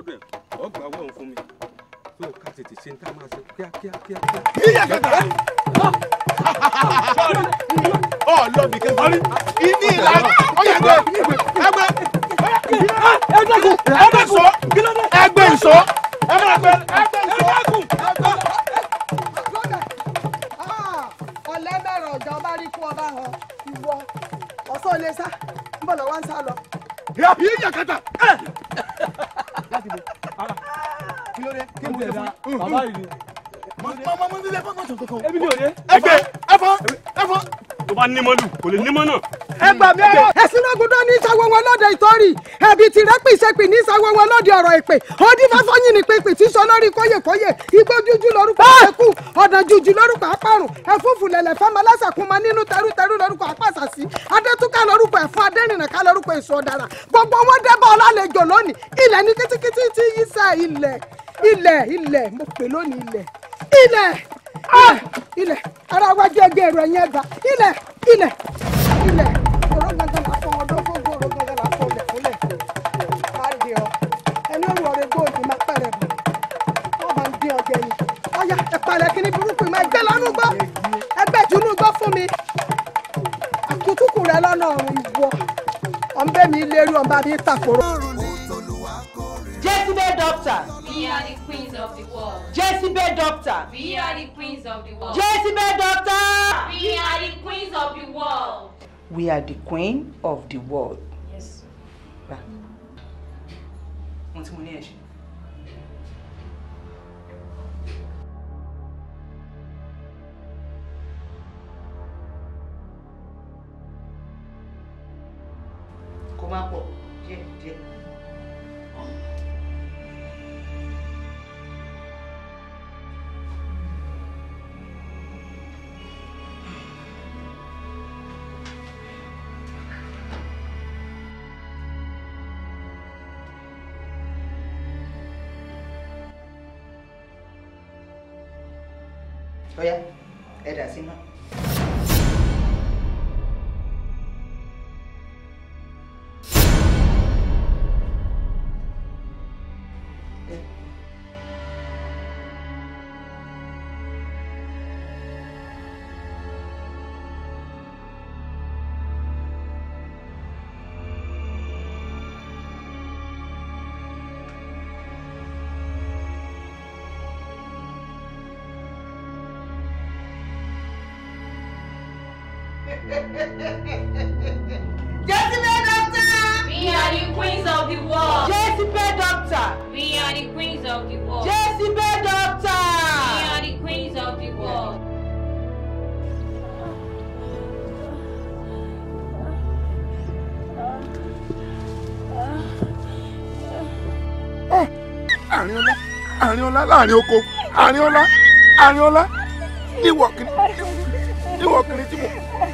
sọ́dọ̀ ẹ̀ ọ́ gbà wọ̀ fún mi tó ká tètè ṣe ń tá máa ṣe kíákíá kíákíá. yíyá kẹta ọ lọ bìkan sọrí ibi ìlànà ọyà gbẹ. nímọ̀ lù kò lè nímọ̀ náà. ẹ gbà mí ẹ̀rọ ẹ̀sìn náà gbọ́dọ̀ ní ìsàwọ̀ wọn lóde ìtọ́rì ẹ̀bí tìrẹ́ pèsè pè ní ìsàwọ̀ wọn lóde ọ̀rọ̀ ìpè òdìfáfọ́yìn ní pèpè tí sọ lórí kóyèkóyè igbó jújú lórúkọ àpẹ́kù ah! ọ̀nà jújú lórúkọ àpárùn ẹ̀fúùfù lẹ̀lẹ̀ fọ́mọ lásàkúnmọ́ nínú tẹrútẹrú lórúkọ àpàṣàṣì adétúkà lórúkọ ẹ̀fọ́ adẹ́rìnàká lórúkọ èso ọ̀dàrà gbogbo wọn dẹ́bọ̀ ọ̀làlejò lónìí ilẹ̀ ní kítíkítí tí ah! ara wa jẹ́ gbèrò ẹ̀yẹn ẹ̀dá ilẹ̀ doctor. We are the queens of the world. Jezebel doctor. We are the queens of the world. We are the queen of the world. Yes. Right. Mm. ọlá láàrin oko àárín ọlá àárín ọlá níwọ̀kiri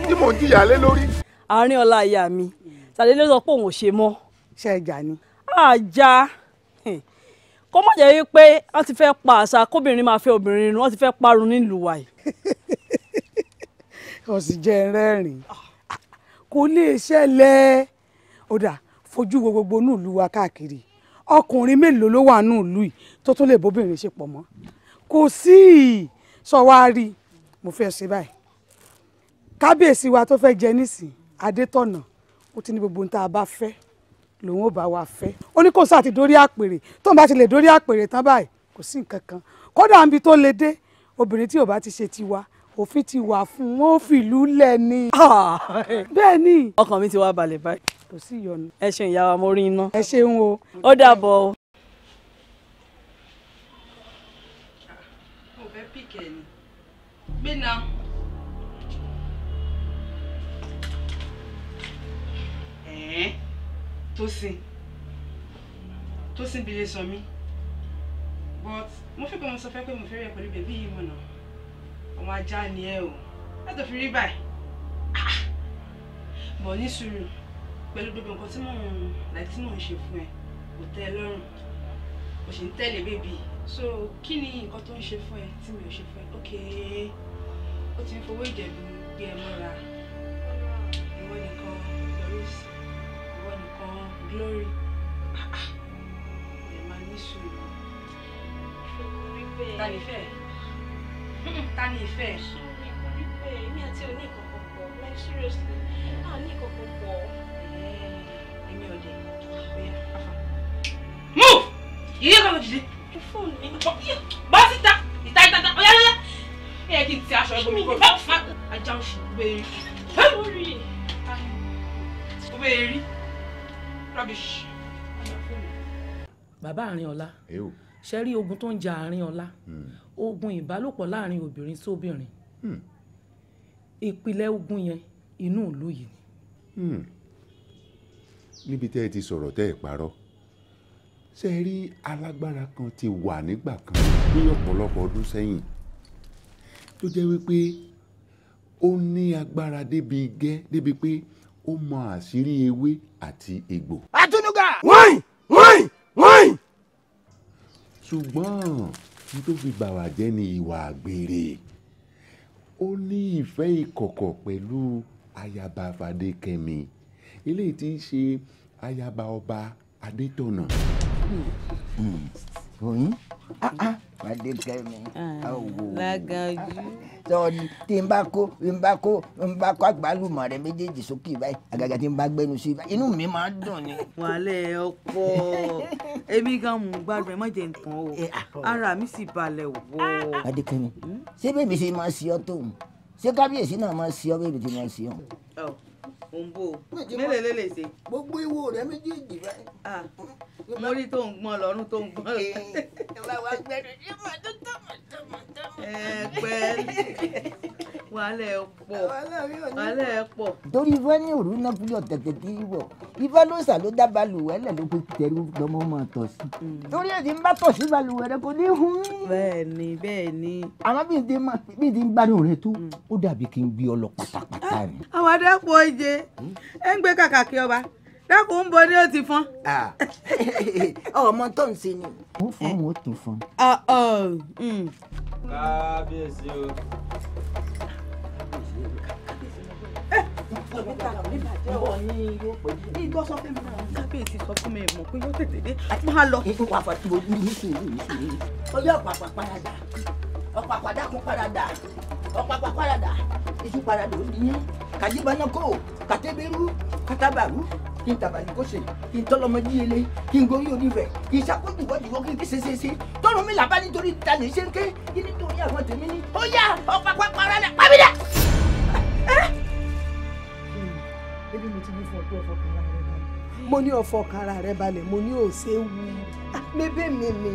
tí mò ń jìyà lé lórí. àárín ọlá ìyá mi tàdé ló sọ pé òun ò ṣe mọ́. ṣe é jà ni. àjà kó má jẹ́ pé wọ́n ti fẹ́ pa àṣà kóbìnrin máa fẹ́ obìnrin nu wọ́n ti fẹ́ parun nílùú wa yìí. ọ̀sìn jẹ́ rẹ́rìn-ín kò lè ṣẹlẹ̀ ó dà fojú gbogbo inú wa káàkiri ọkùnrin mélòó ló wà nù lù yìí tó tún lè bóbìnrin ṣe pọ̀ mọ́ kò sí i sọ wá rí i mo fẹ́ ṣe báyìí kábíyèsí wa tó fẹ́ jẹ nísìn adétọ̀nà ó ti ní gbogbo ohun tá a bá fẹ́ lòun ò bá wa fẹ́ ó ní kò sáà ti dórí àpèrè tó ń bá ti lè dórí àpèrè tán báyìí kò sí nǹkan kan kódà níbi tó le dé obìnrin tí ò bá ti ṣe tiwa òfin ti wà fún wọn ò fìlú lẹ̀ ni. Ah. bẹ́ẹ̀ ni. ọkàn mi ti wá balẹ̀ báyìí. kò sí ìyọnu. ẹ ṣeun ìyá wa mo rí iná. ẹ ṣeun o. ó dàbọ̀ o. mo fẹ́ pìkẹ́ ni gbé náà. ẹ̀ẹ́n Tósìn Tósìn bí lè sọ mí but mo fẹ́ pé mo sọ fẹ́ pé mo fẹ́ rẹ̀ pẹ̀lú bèbí yìí mọ̀ náà ọmọ ajá ni ẹ o látò fi rí báyìí bọ̀ ah, ní sùúrù pẹ̀lú gbogbo nǹkan tí mò ń láti tí mò ń ṣe fún ẹ kò tẹ́ ẹ lọ́rùn kò sì ń tẹ̀lé bèbí so kí ni nǹkan tó ń ṣe fún ẹ tí mi ò ṣe fún ẹ ok ó ti ń fowó ìjẹ̀bù gbé ẹ mọ́ra ìwọ nìkan Doris ìwọ nìkan Glory ah, ah. ẹ máa ní sùúrù. ta ni fẹ́ ta ni ìfẹ́ ẹ̀. ṣùgbọ́n kò rí bẹ́ẹ̀ èmi àti like seriously a ní ìkọ̀kọ̀ pọ̀. èmi ò move yíyá kan ló dìde. fóònù mi ni. bá sí ta ìta ìta ìta ọ̀yá yẹ́yẹ́. ẹ yẹ kí n ti aṣọ ẹgbẹ́ mi kúrò. ajá oṣù gbèrè. lórí gbèrè rubbish. bàbá àrin ọlá. èèwọ̀ ṣe rí ogun tó ń jà àárín ọlá hmm. ogun ìbálòpọ̀ láàrin obìnrin sóbìnrin hmm. ìpìlẹ̀ ogun yẹn inú ìlú yìí ni. Hmm. níbi tẹ́ ẹ ti sọ̀rọ̀ tẹ́ ẹ parọ́ ṣe rí alágbára kan ti wà nígbà kan ní ọ̀pọ̀lọpọ̀ ọdún sẹ́yìn tó jẹ́ wípé ó ní agbára débi gẹ́ débi pé ó mọ àṣírí ewé àti egbò. àtúndùgà. wọ́n wọ́n wọ́n ṣùgbọ́n ní tó fi gbà wá jẹ́ ni ìwà àgbèrè ó ní ìfẹ́ ìkọ̀kọ̀ pẹ̀lú ayaba Fadékẹ́mi eléyìí tí ṣe ayaba ọba Adétọ̀nà. Hmm. Hmm pàdé ah, ah. kẹ́mi awò ah, sọ́ọ́ni tí n bá kó n bá kó n bá kó àgbálùmọ̀ rẹ méjèèjì sókè báyìí àgàgà tí n bá gbẹnu sí báyìí inú mi máa ń dùn ni. wàhálẹ̀ ọkọ èmi gan mú gbádùn má jẹ nǹkan o eh, ara mi sì balẹ̀ wọ. pàdé kẹ́mi hmm? ṣé bèbí ṣe máa ṣe ọ́ tóun ṣé kábíyèsí náà máa ṣe ọ́ bèbí ti máa ṣe ọ́ mo ń bò ó mélòó ló lè ṣe. gbogbo ìwo rẹ méjèèjì báyìí. mo rí tó ń gbọ́n lọ́rùn tó ń gbọ́n ẹ pẹ́ẹ́lí wàhálà ẹ pọ̀ wàhálà ẹ pọ̀. torí ifá ní òru náà fúlẹ̀ ọ̀tẹ̀tẹ̀ tí ń bọ̀ ifá ló sà ló dá balùwẹ̀ lẹ̀ ló pé tẹ̀rù lọ́mọ máa tọ̀ sí. Mm. torí èdè ń bá tọ̀ sí balùwẹ̀ rẹ kò ní hun. bẹ́ẹ̀ni bẹ́ẹ̀ni. àmọ́ bí ìdí máa bí ìdí ń gbádùn rẹ tó mm. ó dàbí kí n bí ọlọ pátápátá ni. Ah, àwọn adápọ̀ ìje hmm? ẹ ń gbé kàkàkí ọba dákun ń bọ ní òtí fún. ọmọ tó ń sin ni. ó fọ́ wọn ó tún fún. Ah, oh, hmm. kábíyèsí o kábíyèsí sọ fún mi mọ̀ pé yóò tètè dé máa lọ. ìwà fàtí mo ní sùúrù ní sùúrù. ó yẹ ọ̀pàpà paradà ọ̀pàpà dákun paradà ọ̀pàpà paradà iṣu paradà ó nìyẹn kàjíbanákò kàtẹ́bẹ́rú kàtàbàrú kí n tàbàlì kó ṣe kí n tọ́lọ́mọdé yẹlé kí n gorí onífẹ̀ kí n ṣàkójúwọ́júwọ́ kí n kí ṣeṣeṣe tọ́run mi làbá nítorí ta lè ṣe ń ké kí nítorí àwọn tèmi ní. ó yá ọ̀pàpà paradà pàmìlà. ebi mo ti wí fún ọ pé ọfọkàn ara rẹ balẹ̀. mo ní ọfọkàn ara rẹ balẹ̀ mo ní òsè wu mébè mi mi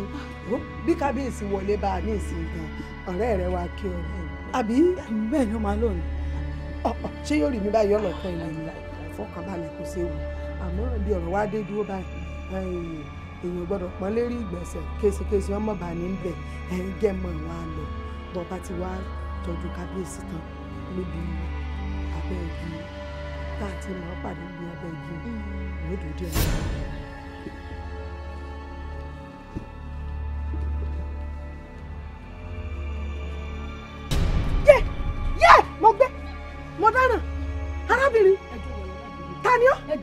bí kábíyèsí wọlé bá a ní ìsìn gan ọ̀rẹ́ rẹ wá kí ọ̀rẹ́ àbí bẹ́ẹ̀ ni ó máa lónìí. Ah, ah, ah, ṣé yóò rí mi báyìí ọlọ́pàá ìlà ìlà ìfọkànbalẹ̀ kò séwu àmọ́ bí ọ̀rọ̀ wá dé dúró báyìí èèyàn gbọ́dọ̀ pọ́n lérí ìgbọ̀nsẹ̀ késekése ọmọ bá ní bẹ̀ ẹ̀ ń gẹ̀ mọ́ ìwà lọ bọ́ba ti wá tọ́jú kábíyèsí tán níbi abẹ́ ìgbìmọ̀ tá a ti máa pàdé gbé abẹ́ igi lódò díẹ̀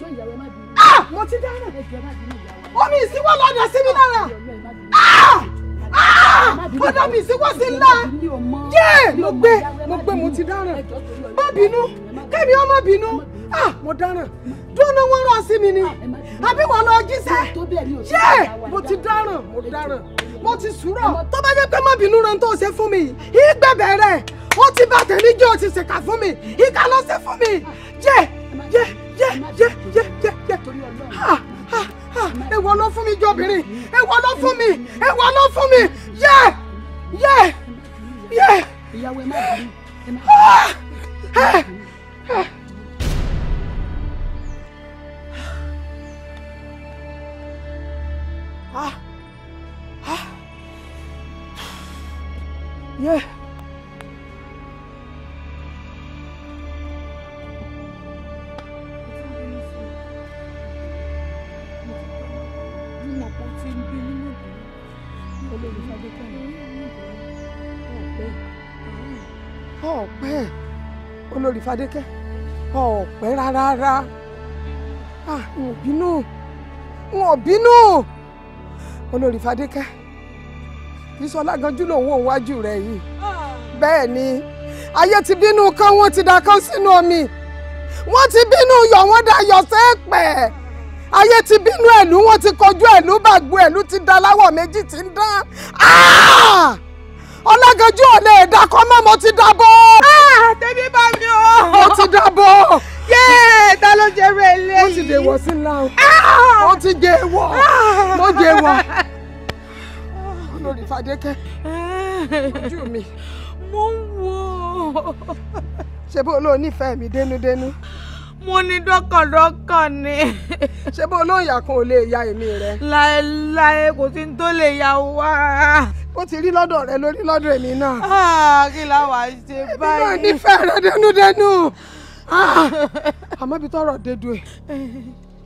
náà. mo ti dáná omi ìsíwọ́ lọ́dọ̀ sí mi lára mo dábì ìsíwọ́ sí ńlá yé mo gbé mo gbé ah, mo ti dáná má bínú ah, ah, kẹ́mi ó bínú ah mo dáràn dúró wọn rán sí mi ni ah, àbí wọn lọ jíṣẹ́ yé mo ti dáràn mo dáràn mo ti sùúrọ̀ tó bá jẹ́ pé má bínú ran tó ṣe fún mi yìí gbẹ̀bẹ̀ rẹ̀ ó ti bá tèmi jẹ́ ó ti ṣèkà fún mi ìka ló ṣe fún mi ah, yé yé yé yé yé yé yé ah ah ah èwo ló fún mi jọ obìnrin èwo ló fún mi èwo ló fún mi yé yé yé. ìyàwó ẹ má bínú ẹ má bínú. Ah! Ah! Yeah! ọ̀pẹ́ olórí fadékẹ́ ọ̀pẹ́ rárá rárá ah, n ò bínú n ò bínú olórí fadékẹ́ ìsọláganjú lòun ò wájú rẹ yìí bẹ́ẹ̀ ni ayé ti bínú kán wọ́n ti da kán sínú omi wọ́n ti bínú yọ̀ wọ́n da yọ̀ sẹ́ẹ̀pẹ̀ ayé ti bínú ẹ̀lú wọ́n ti kọjú ẹ̀lú bàgbó ẹ̀lú ti da láwọ̀ méjì ti ń dán ah! ọláganjú ò lè dà kọ́ mo ti dàbọ̀. Ah, tẹ́bí bá mi o. mo ti dàbọ̀ yéé ta ló jẹ rẹ ilé yìí. ó ti dèwọ̀ sí ńlá o ó ah! ti jẹ ewọ̀ ló jẹ ewọ̀ ah! olórí fàdékẹ́ ojú mi. mo ń wò ó. ṣé bó ló nífẹ̀ẹ́ mi dénúdénú. mo ní dọ́kàndọ́kàn ni. ṣé bó ló ń yà kan ò ya èmi rẹ. láéláé kò sí ní tó lè yà wá. bó ti rí lọ́dọ̀ rẹ lórí lọ́dọ̀ èmi náà. Ah! kí la wàá ṣe báyìí. èmi náà nífẹ̀ẹ́ rẹ dénúdénú. àmọ́ ibi tọ́rọ̀ dé dúró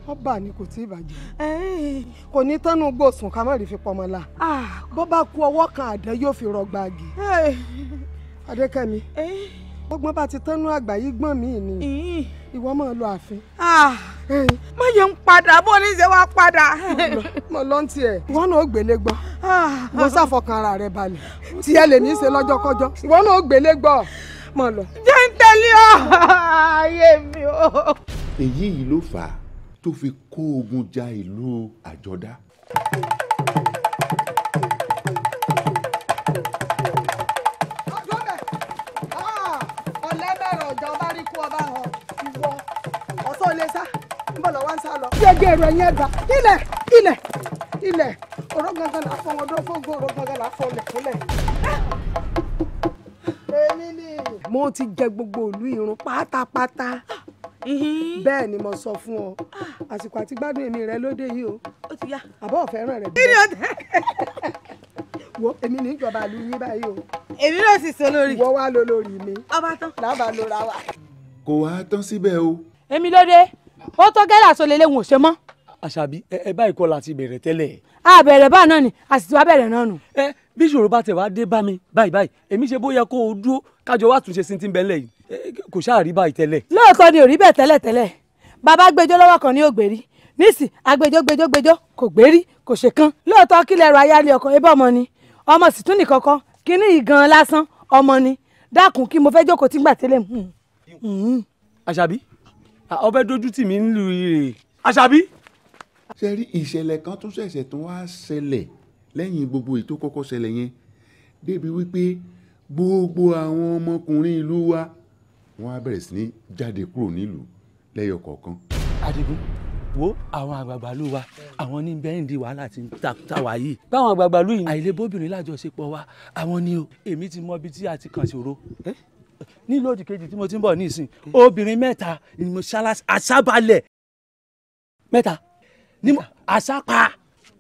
wọ́n bà ní kò tí ì bàjẹ́ kò ní tánú gbòòsùn ká má rí fi pọmọ la ah. bó bá ku ọwọ́ kan àdán yóò fi rọgbà gì adékẹ́mi ọgbọ́n eh. bá ti tánú àgbà gbọ́n mí ni ìwọ máa lọ ààfin. Ah. Eh. má yẹ ń padà bó ní ṣe wá padà. mo lọ ń tiẹ̀ ìwọ náà ó gbélé gbọ́ ah. mo ṣàfọkàn rẹ balẹ̀ tiẹ̀ lèmi ṣe lọ́jọ́kọ́jọ́ ìwọ náà ó gbélé gbọ́ mọ̀ lọ. jẹ́ ń tẹ̀lé ọ ayé mi o. èyí yìí ló fà á tó fi kó ogun ja ìlú àjọdá. gbẹgbẹ ah, ẹrọ yẹn da ilẹ̀ ilẹ̀ ilẹ̀ ọ̀rọ̀ gangan la fọ wọn gbọ ọ̀rọ̀ gangan la fọ lẹkulẹ. èmi ni wọn ti jẹ gbogbo ìlú irun pátápátá bẹ́ẹ̀ ni mo sọ fún ọ àsìkò àti gbádùn èmi rẹ lóde yìí o àbọ̀ ọ̀fẹ́ràn rẹ bí wo èmi ní ìjọba ìlú yín báyìí o. èmi náà sì so lórí. wọ́n wá lo lórí mi. ọba tán. làbà lóra wa. kò wá tán síbẹ̀ o. èmi lóde ó tó gẹ́lẹ́ àsọlélẹ́ wọn ò ṣe mọ́. àṣàbí ẹ báyìí kọ́ la ti bẹ̀rẹ̀ tẹ́lẹ̀. a bẹ̀rẹ̀ báà náà ni a sì ti náà nù. ẹ bí ìṣòro bá tẹ̀ wá dé bá mi báyìí báyìí èmi ṣe bóyá kó o dúró kájọ wá túnṣe sí ti ń bẹ lẹ́yìn kò ṣáà rí báyìí tẹ́lẹ̀. lóòótọ́ ni ò rí bẹ́ẹ̀ tẹ́lẹ̀ tẹ́lẹ̀ bàbá gbẹjọ́ lọ́wọ́ kan ní ògbérí níìsì agbẹjọ́ gbẹjọ́ gbẹjọ́ kò gbérí kò ṣe kan lóòótọ́ kílẹ̀ ẹ̀rọ ayálé ọkọ̀ ebí ọmọ ni ọmọ sì tún nìkan kan kíní ìgan lásán ọmọ ni dákun kí mo fẹ́ jókòó tí gbà tẹ́lẹ̀ mú. Hmm. Hmm. àṣàbí ọbẹ̀ dojú tì mí ń lu ire àṣàbí. ṣe rí ìṣẹ̀lẹ̀ kan tún ṣẹ̀ṣẹ̀ tún wá ṣẹlẹ̀ lẹ́yìn gbogbo èyí tó kọ́kọ́ ṣẹlẹ̀ yẹn débi wípé gbogbo àwọn ọmọkùnrin ìlú wa wọ́n á bẹ̀rẹ̀ sí ní jáde kúrò nílùú lẹ́yọ kọ̀ọ̀kan. Adigun wo àwọn àgbààgbà wa àwọn ní bẹ́ẹ̀ndì wàhálà ti ń ta wá yìí. báwọn àgbààgbà ìlú yìí. àìlèbóbìnrin lájọṣepọ̀ wa àwọn ni o èmi ti mọ ibi tí a ti kàn ṣòro nílùú òdì kejì tí mo ti ń bọ̀ nísìn obìnrin mẹ́ta ni mo ṣáláṣá àṣàbalẹ̀ mẹ́ta ni mo àṣàpa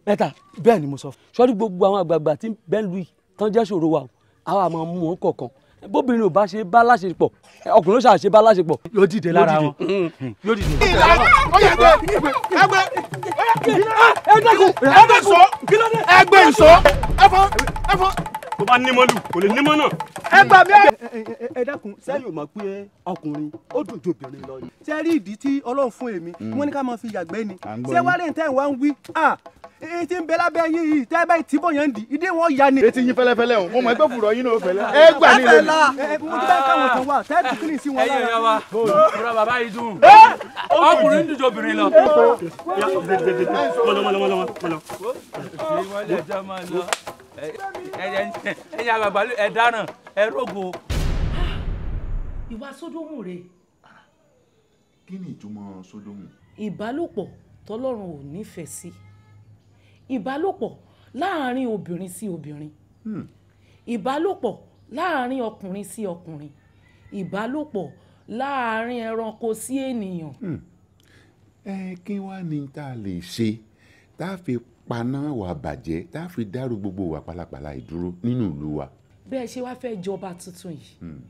mẹ́ta bẹ́ẹ̀ ni mo sọ sọ́rí gbogbo àwọn àgbààgbà tí bẹ́ẹ̀ lù tán jẹ́ ṣòro wa àwa máa mú wọn kọ̀ọ̀kan bóbìnrin ò bá ṣe bá láṣepọ̀ ọkùnrin ó ṣáà ṣe bá láṣepọ̀ yóò dìde lára wọn yóò dìde. ẹgbẹ́ ẹgbẹ́ ẹgbẹ́ ẹgbẹ́ ìsọ ẹgbẹ́ ìsọ ẹfọ ẹfọ tó bá nímọ̀ lù kò lè nímọ̀ náà. ẹ gbà mí. ẹ dákun sẹ́yìn ò mọ̀ pé ọkùnrin ó dùn ju obìnrin lọ ni. ṣé rí ìdí tí ọlọ́run fún èmi wọ́n ní ká máa fi yàgbẹ́ ni ṣé wálé ní tẹ́wọ̀n ń wí etí ń bẹ lábẹ́ yín yìí tẹ́ bá ti bọ̀ yẹn di ìdí wọn ya ni. etí yín fẹlẹfẹlẹ o mo mọ ẹgbẹ́ fùrọ̀ yín náà fẹlẹ. ẹ gbà ní ilé mi. ẹ mo ti bá káwọn kan wà tẹ́ ti kílì sí wọn lára. ẹ yẹra wa bùrọ̀ bàbá yìí dùn ọkùnrin ń dùjọ obìnrin lọ. mọ̀lọ́mọ̀lọ́mọ̀lọ́mọ̀ ẹ̀yin àgbàgbà ẹ dáràn ẹ rógo. ìwà sódómù rèé. kí ni ìtumọ̀ sódómù. ìbálòpọ̀ tọ́lọ́run ò nífẹ̀ẹ́ sí ìbálòpọ̀ láàárín obìnrin sí obìnrin hmm. ìbálòpọ̀ láàárín ọkùnrin sí ọkùnrin ìbálòpọ̀ láàárín ẹranko sí ènìyàn. Hmm. ẹ kí wàá ní tá a lè ṣe tá a fi paná wà bàjẹ́ tá a fi dárú gbogbo wà pálapàla ìdúró nínú ìlú wa. bẹ́ẹ̀ ṣe wáá fẹ́ẹ́ jọba tuntun yìí hmm.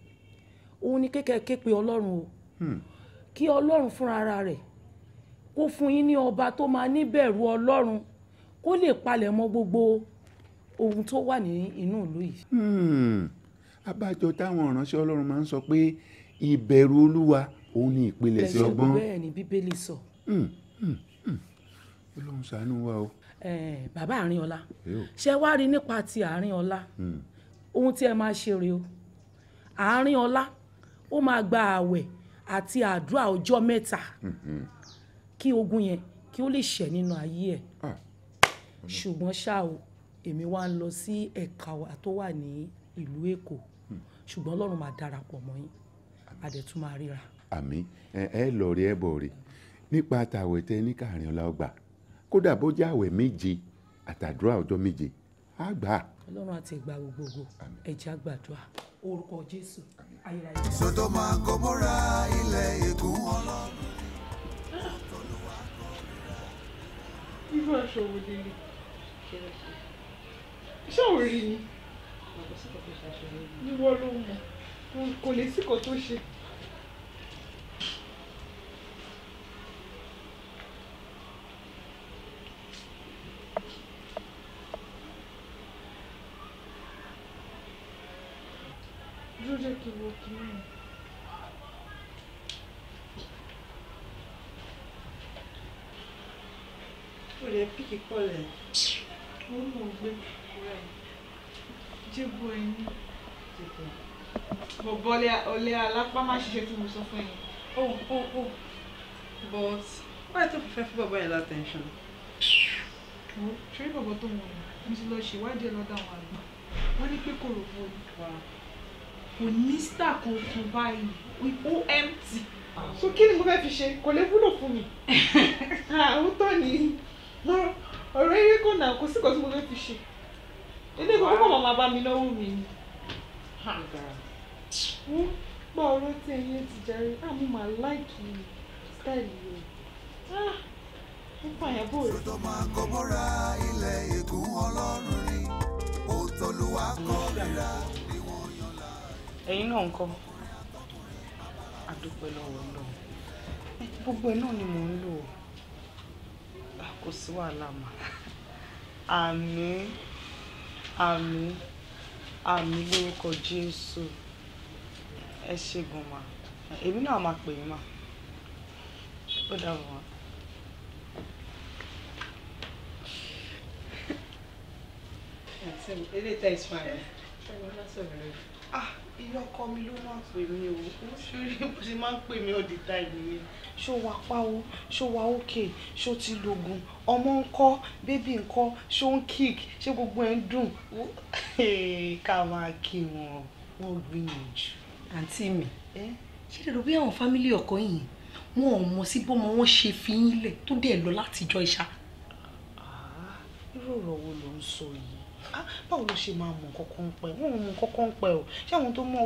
òun ni kékeré ké pe ọlọ́run o hmm. kí ọlọ́run fúnra rẹ̀ kó fún yín ní ọba tó máa níbẹ̀rù ọlọ́run kó lè palẹ̀ mọ́ gbogbo ohun tó wà ní inú ìlú yìí. Hmm. abájọ táwọn ìránṣẹ́ ọlọ́run máa ń sọ pé ìbẹ̀rù olúwa òun ni ìpilẹ̀ṣẹ̀ ọgbọ́n. bẹ́ẹ̀ ni bíbélì sọ. ọlọ́run ṣàánú wa o bàbá Àrínọlá ṣe wá rí nípa ti Àrínọlá hmm. ohun tí ẹ máa ṣe rèé o Àrínọlá ó máa gba ààwẹ̀ àti àdúrà ọjọ́ mẹ́ta hmm. kí ogun yẹn kí ó lè ṣẹ nínú ayé ẹ̀ ah. ṣùgbọ́n ṣá o èmi wá ń lọ sí ẹ̀ka tó wà ní ìlú Èkó hmm. ṣùgbọ́n Ọlọ́run máa darapọ̀ mọ́ yín àdẹ̀tún máa ríra. àmín ẹ ẹ lọ rí ẹ bọ̀ rí nípa tàwẹ̀ tẹ ní kàrin ọlá ọgbà kódà bó jẹ́ àwẹ̀ méje àtàdúrà ọjọ́ méje á gbà á. ọlọ́run àti ìgbà gbogbogbò ẹ̀jẹ̀ àgbàdua orúkọ jésù ayérayé. sọtọ́ máa ń kọ́ mọ́ra ilẹ̀ ègún ọlọ́run. irú aṣọ wo lélẹ̀ ṣé ò rí ni ìwọ ló mọ̀ kò lè síkọ̀ tó ṣe. jẹ́ kí n wo kìíní yẹn. o lè píkì kọlẹ̀ ó mọ̀ gbé rẹ̀ jíbo ẹni bọ̀bọ̀ ọlẹ́ alápá má ṣiṣẹ́ tí mo sọ fún yín oh oh oh but why tó fẹ́ fún bàbá yẹn látẹ̀ńṣán. ṣé bàbá tó mọ̀ ọ́ mo ti lọ ṣèwádìí ẹ̀ lọ́dọ̀ àwọn àgbà wọ́n ní pé kò rò fún mi kò ní star kankan báyìí ó empty. so kí ni mo fẹ́ fi ṣe kò lè wúlò fún mi àwọn tó ní ọ̀rọ̀ eré kò náà kò sí kò sí mo fẹ́ fi ṣe ilé ìgbà púpọ̀ màmá bá mi náwó mi ni. gbọ́ ọ̀rọ̀ tí ẹ̀yin ti jẹ́rí àmú màá láìkì sítáìlì rẹ̀ ó pààyàn bò rẹ̀. sọ́dọ̀ máa ah, kọ́ mọ́ra ilẹ̀ ègún ọlọ́run ni òtọ́lùwà kọ́ rírà ẹ̀yin náà ńkọ́ àdúpẹ́ lọ́wọ́ Ọlọ́run gbogbo ẹ̀ náà ni mò ń lò ah, kò sí wàhálà mà àmín àmín àmín lórúkọ Jésù ẹ ṣègùn mà èmi náà máa pè é mà ó dàbọ̀ wá. eléyìí tẹ̀ ẹ́ sùn àná. ah ilé ọkọ mi ló máa pè mí o ó ṣorí bó ṣe máa ń pè mí all the time ni. ṣó wà páwo ṣó wà òkè ṣó ti lògùn ọmọ ń kọ́ bébì ń kọ́ ṣó ń kík ṣé gbogbo ẹ̀ ń dùn ká máa kí wọn wọn gbìyànjú. àǹtí mi ṣé lè rò bí àwọn fámílì ọkọ yìí wọn ò mọ sí bọ́mọ wọn ṣe fi yín lẹ̀ tó dẹ̀ lọ látijọ́ ìṣá. Ah, irú ọ̀rọ̀ ló ń sọ yìí Ah, báwo ló ṣe máa mọ̀ nǹkan kan pẹ́ wọ́n mọ̀ nǹkan kan pẹ́ o ṣé àwọn tó mọ̀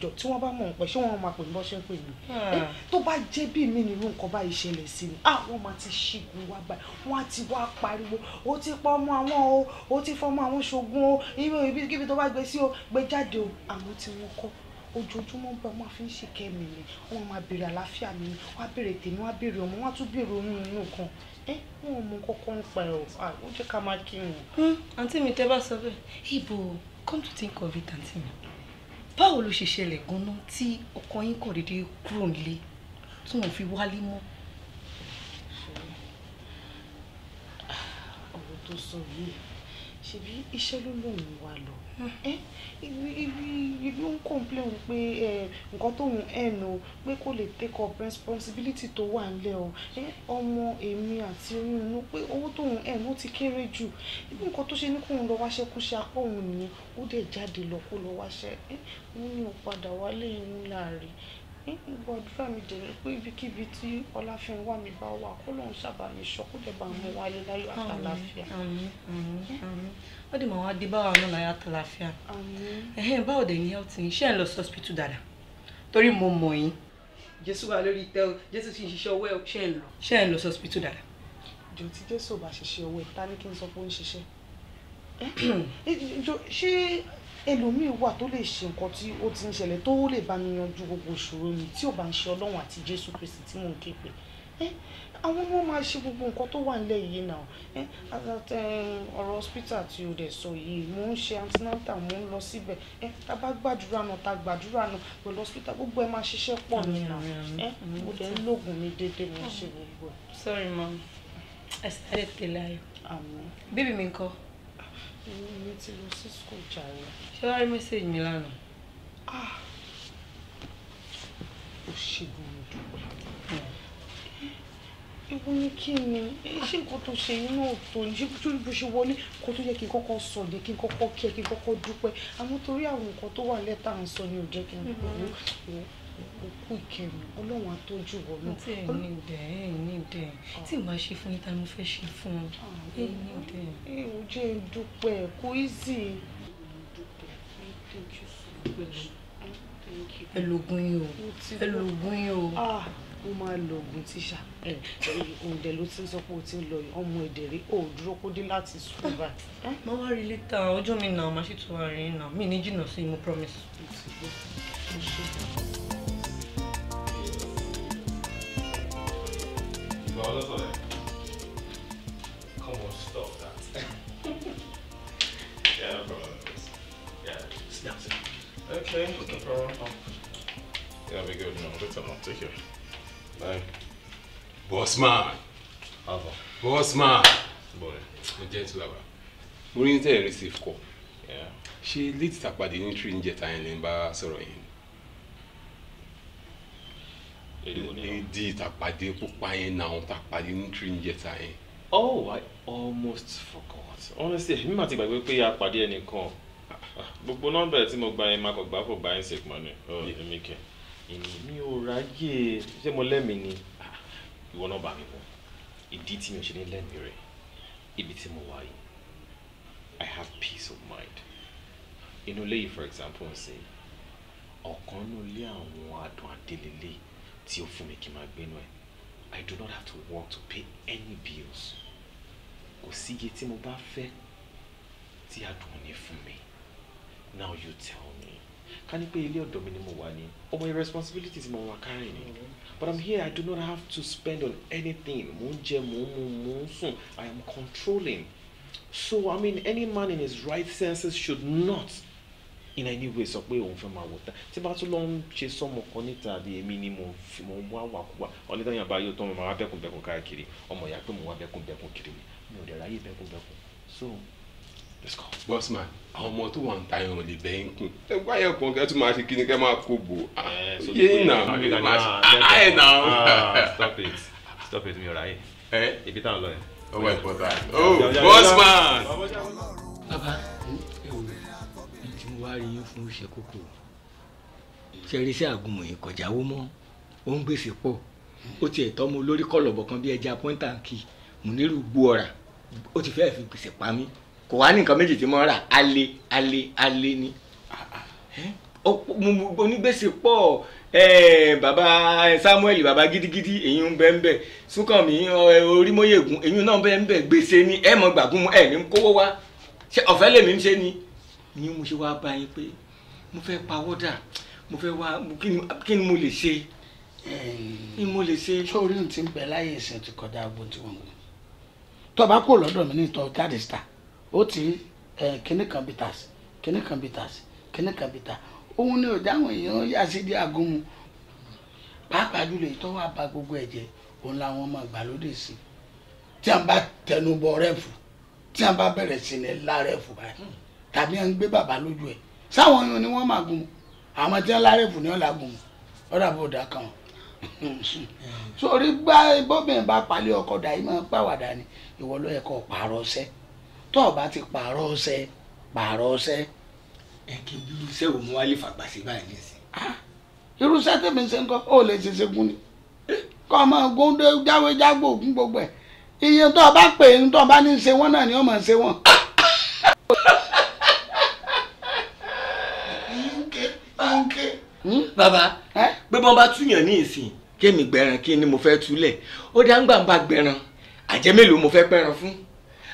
jọ tí wọ́n bá mọ̀ pẹ́ ṣé wọ́n máa pè ní ṣe ń pè mí hmm. eh, tó bá jẹ́ bí mi nínú nǹkan báyìí ṣẹlẹ̀ sí mi ah wọ́n máa ti ṣígun wá báyìí wọ́n á ti wá pariwo ó ti pa ọmọ àwọn o ó ti fọmọ àwọn ṣoògùn o irú ibi kíbi tó bá gbé sí o gbé jáde o àwọn tí wọ́n kọ́ ojoojúmọ́ bá wọn fi ń ṣèkẹ́ mi ni wọ́n máa béèrè àlàáfíà mi ni wọ́n á béèrè tèmi wọ́n á béèrè ọmọ wọ́n á tún béèrè oyún inú kan ẹ wọn ò mọ kọ́kọ́ ń pa ẹ o ó jẹ́ ká máa kí wọn. Hmm, àǹtí mi tẹ́ bá sọ bẹ́ẹ̀ ibo come to think of it àǹtí mi báwo ló ṣe ṣẹlẹ̀ gan-an tí ọkọ yín kò dédé kúrò nílé tí wọ́n fi wálé mọ́. ọ̀rọ̀ tó sọ yìí ṣebí iṣẹ́ ló lóun wá lọ Eh, ibi ń complain pé eh, nǹkan tóun ẹ̀nà pé kò lè take up responsibility tó wà nílẹ̀ o eh, ọmọ èmi àti oyún inú pé owó tóun ẹ̀nà ó ti kéré jù ibi nǹkan tó ṣe ní kóun lọ wáṣẹ́ kó ṣe apá òun nìyẹn ó dẹ̀ jáde lọ kó lọ wáṣẹ́ mo ní o padà wálé ìhun láàrin gbogbo àdúrà mi dẹ̀ ní pé ibikíbi tí ọláfẹ́ńwá mi bá wà kó lóun ṣàbàmì ṣọ́ kó dẹ̀ bá mú wálé láyọ̀ àtàlàfíà ó dì mọ́ wá dé báwa náà náírà tàlàfíà ẹ̀hẹ́n báwo dẹ̀ ní health ṣé ń lọ sí hospital dada torí mo mọ̀ yín jésù wà lórí ìtẹ́ o jésù ti ń ṣiṣẹ́ owó ẹ̀ ṣé ń lọ ṣé ń lọ sí hospital dada. jọ tí jésù bá ṣiṣẹ́ owó ẹ̀ ta ni kí n sọ pé ó ń ṣiṣẹ́ eh, ṣé ẹlòmíín wà tó lè ṣe nǹkan tí ó ti ń ṣẹlẹ̀ tó lè bá mi yanjú gbogbo ìṣòro mi tí ò bá ń ṣe ọlọ́run àti jésù kristi tí mò ń ké àwọn ọmọ máa ṣe gbogbo nǹkan tó wà nílẹ̀ yìí náà ẹ ọ̀rọ̀ hospital tí o dẹ̀ sọ yìí mò ń ṣe antinata mò ń lọ síbẹ̀ ẹ tá bá gbàdúrà náà tá gbàdúrà náà pẹ̀lú hospital gbogbo ẹ máa ṣiṣẹ́ pọ̀ ní náà ẹ mo dẹ̀ ń lògùn mi déédéé mo ń ṣe gbogbo ẹ. sorry mom i started to lie. àmọ́. mi ńkọ́. mi ti lọ sí school jàre. ṣé wàá rí mẹ́sàgì mi lánàá. ah ò ṣègùn mi ewu ni kí ni ṣé nǹkan tó ṣe yín náà tó ní ṣé torí bó ṣe wọlé kó tó yẹ kí n kọ́kọ́ sọ ní kí n kọ́kọ́ kí ẹ kí n kọ́kọ́ dúpẹ́ àmọ́ torí àwọn nǹkan tó wà lẹ́tà ń sọ ní òjẹ́ kí n kúrò òkú ìkẹrù ọlọ́run àtọ́jú wọ̀lú. tí ẹ ní ìdẹ ẹ ní ìdẹ tí màá ṣe fún yín ta ni mo fẹ́ ṣe fún un ẹ ní ìdẹ. ẹ ò jẹ́ ìdúpẹ́ kó easy. ẹ lògùn yín o ẹ lògùn yín o ó máa lo oògùn tíṣà òun dẹ̀ ló ti ń sọ pé o ti ń lọ ọmọ èdè rí o dúró kó dé láti sùn bá. Ah, ah, mo wá rí létà ọjọ́ mi náà màá sì tún wá rí náà mi ní jìnnà sí mo promise. yeah, no problem. Yeah, snap it. Okay, no problem. That'll be good. No, that's enough. Take care. Báyìí. Boss man. Àbọ̀. Boss man. Bọ̀rẹ̀. Mo jẹ́ ìtura bá. Mo rí tẹ̀ receive call. Ṣé late tàpàdé ní tree ń jẹta yẹn lè ń bá sọ̀rọ̀ yẹn? Lady tàpàdé pupa yẹn náà tàpàdé ní tree ń jẹta yẹn. Oh, I almost forgot. Honestly, èmi máa ti gbàgbé pé a pàdé ẹnìkan. Ah, gbogbo nọ́mbà tí mo gba yẹn máa kọ̀ gbà fò gbà yẹn ṣèkùmọ́ ni. Èmi oh, kẹ́ èmi ò ráyè ṣé mo lẹ́mìí ni ìwọ náà bá mi mú ìdí tí mi ò ṣe ní lẹ́mìí rẹ̀ ibi tí mo wà yìí I have peace of mind inú ilé yìí for example ń sìn ọ̀kan nínú ilé àwọn adùn adélélé tí ó fún mi kí n máa gbénu ẹ̀ I do not have to work to pay any bills kò sí iye tí mo bá fẹ́ tí adùn ò ní fún mi now you tell me ká ní pé ilé ọ̀dọ̀ mi ni mo wà ní ọmọ yẹn responsibilities mo wà kárí ni but i'm here i do not have to spend on anything mo ń jẹ mo ń mu mo ń sùn i am controlling so i mean any man in his right senses should not in any way sọ pé òun fẹ́ máa wò tán tí bá tún lọ ń ṣe sọmọ kan níta àbí èmi ni mo fi mo wá wàkúwà ọ̀nìtàn yàrá yóò tán mo máa wá bẹ́kùnbẹ́kùn káàkiri ọmọ ìyá pé mo wá bẹ́kùnbẹ́kùn kiri mi ò dẹ̀ ráyè bẹ́kùnbẹ́kùn so let's go. boss man àwọn ọmọ tó wà ń ta irun lè bẹ́ẹ̀ ń kùn. ẹ gbọ́ ayẹ kan kẹ́ tún máa ṣe kíni kẹ́ máa kó bò ó. yé nà máa ṣe ayé nà. Ah, stop it stop it mi ò ráyè. ibi táwọn lọ yẹn. ọwọ ẹ̀kọ́ ta oh, oh boss man. bàbá ẹ wò ní tí mo wá rí yín fún ṣe kókó ṣẹ́rí sí àgùnmọ̀ yìí kọjá owó mọ́ ó ń gbèsè pọ̀ ó tiẹ̀ tọ́ mo lórí kọlọ̀bọ̀ kan bí ẹja pọ́ńtà kì mo nírú gbó ọ̀rà ó ti fẹ́ẹ́ fi gbèsè pa mí kò wá ní nǹkan méjì tí mo rà alẹ́ alẹ́ alẹ́ ni ah, ah. onígbèsè pọ̀ bàbá Samuel bàbá gidigidi èyí ń bẹ ń bẹ Súnkànmí Orímóyègùn èyí náà bẹ ń bẹ gbèsè ni ẹ mọ gbàgùn ẹ ní kówó wá ṣe ọ̀fẹ́ lèmi ń ṣe ni ni mo ṣe wá bá yín pé mo fẹ́ pawọ́dà mo fẹ́ wá kí ni mo lè ṣe kí ni mo lè ṣe. sórí ohun tí ń bẹ láyé ìsìn ti kọjá gbogbo tí wọn ń gbé tó lọ́dọ̀ mi ní ìtọ́ jáde síta ó ti kíní kan bitters kíní kan bitters kíní kan bitter òun ni ọjà àwọn èèyàn yà sí di agunmu pàápàá jùlọ ìtọ́wọ́ àbá gbogbo ẹ̀jẹ̀ òun làwọn ọmọ ìgbàlódé sí tí a bá tẹnu bọ rẹ́ẹ̀fù tí a bá bẹ̀rẹ̀ sí ní la rẹ́ẹ̀fù báyìí hmm. tàbí à ń gbé bàbá lójú ẹ̀ sáwọn yòó ni wọ́n máa gun àwọn tí wọ́n la rẹ́ẹ̀fù ni wọ́n la gun ọ̀rọ̀ àbọ̀dà kan hmm. sórí gbá bóbìnrin bá palẹ̀ ọkọ̀ dà yìí máa pàwàdà ni ìwọ ló yẹ sẹ́ẹ̀ tó ọba ti pààrọ̀ ọṣẹ pààrọ̀ ọṣẹ. ẹ kí n bílú iṣẹ́ òun wá lè fàgbà sí báyìí nísìnyí. Ah, irúṣẹ́ tèmi ṣe ń kọ́ ó lè ṣe ṣẹ́gun ni kọ́ ọmọ gúndé jáwé jágbó ògún gbogbo ẹ̀ iye tó ọba pè ń tó ọba ní ṣe wọ́n náà ni ọmọ ṣe wọ́n. Hmm? bàbá pé bọ́n bá túyàn ní ìsìn kémi gbẹran kí ni mo fẹ́ túlẹ̀ ó dá ń gbàǹgbà gbẹran àjẹ́ mélòó mo fẹ́ pẹ́ran fún.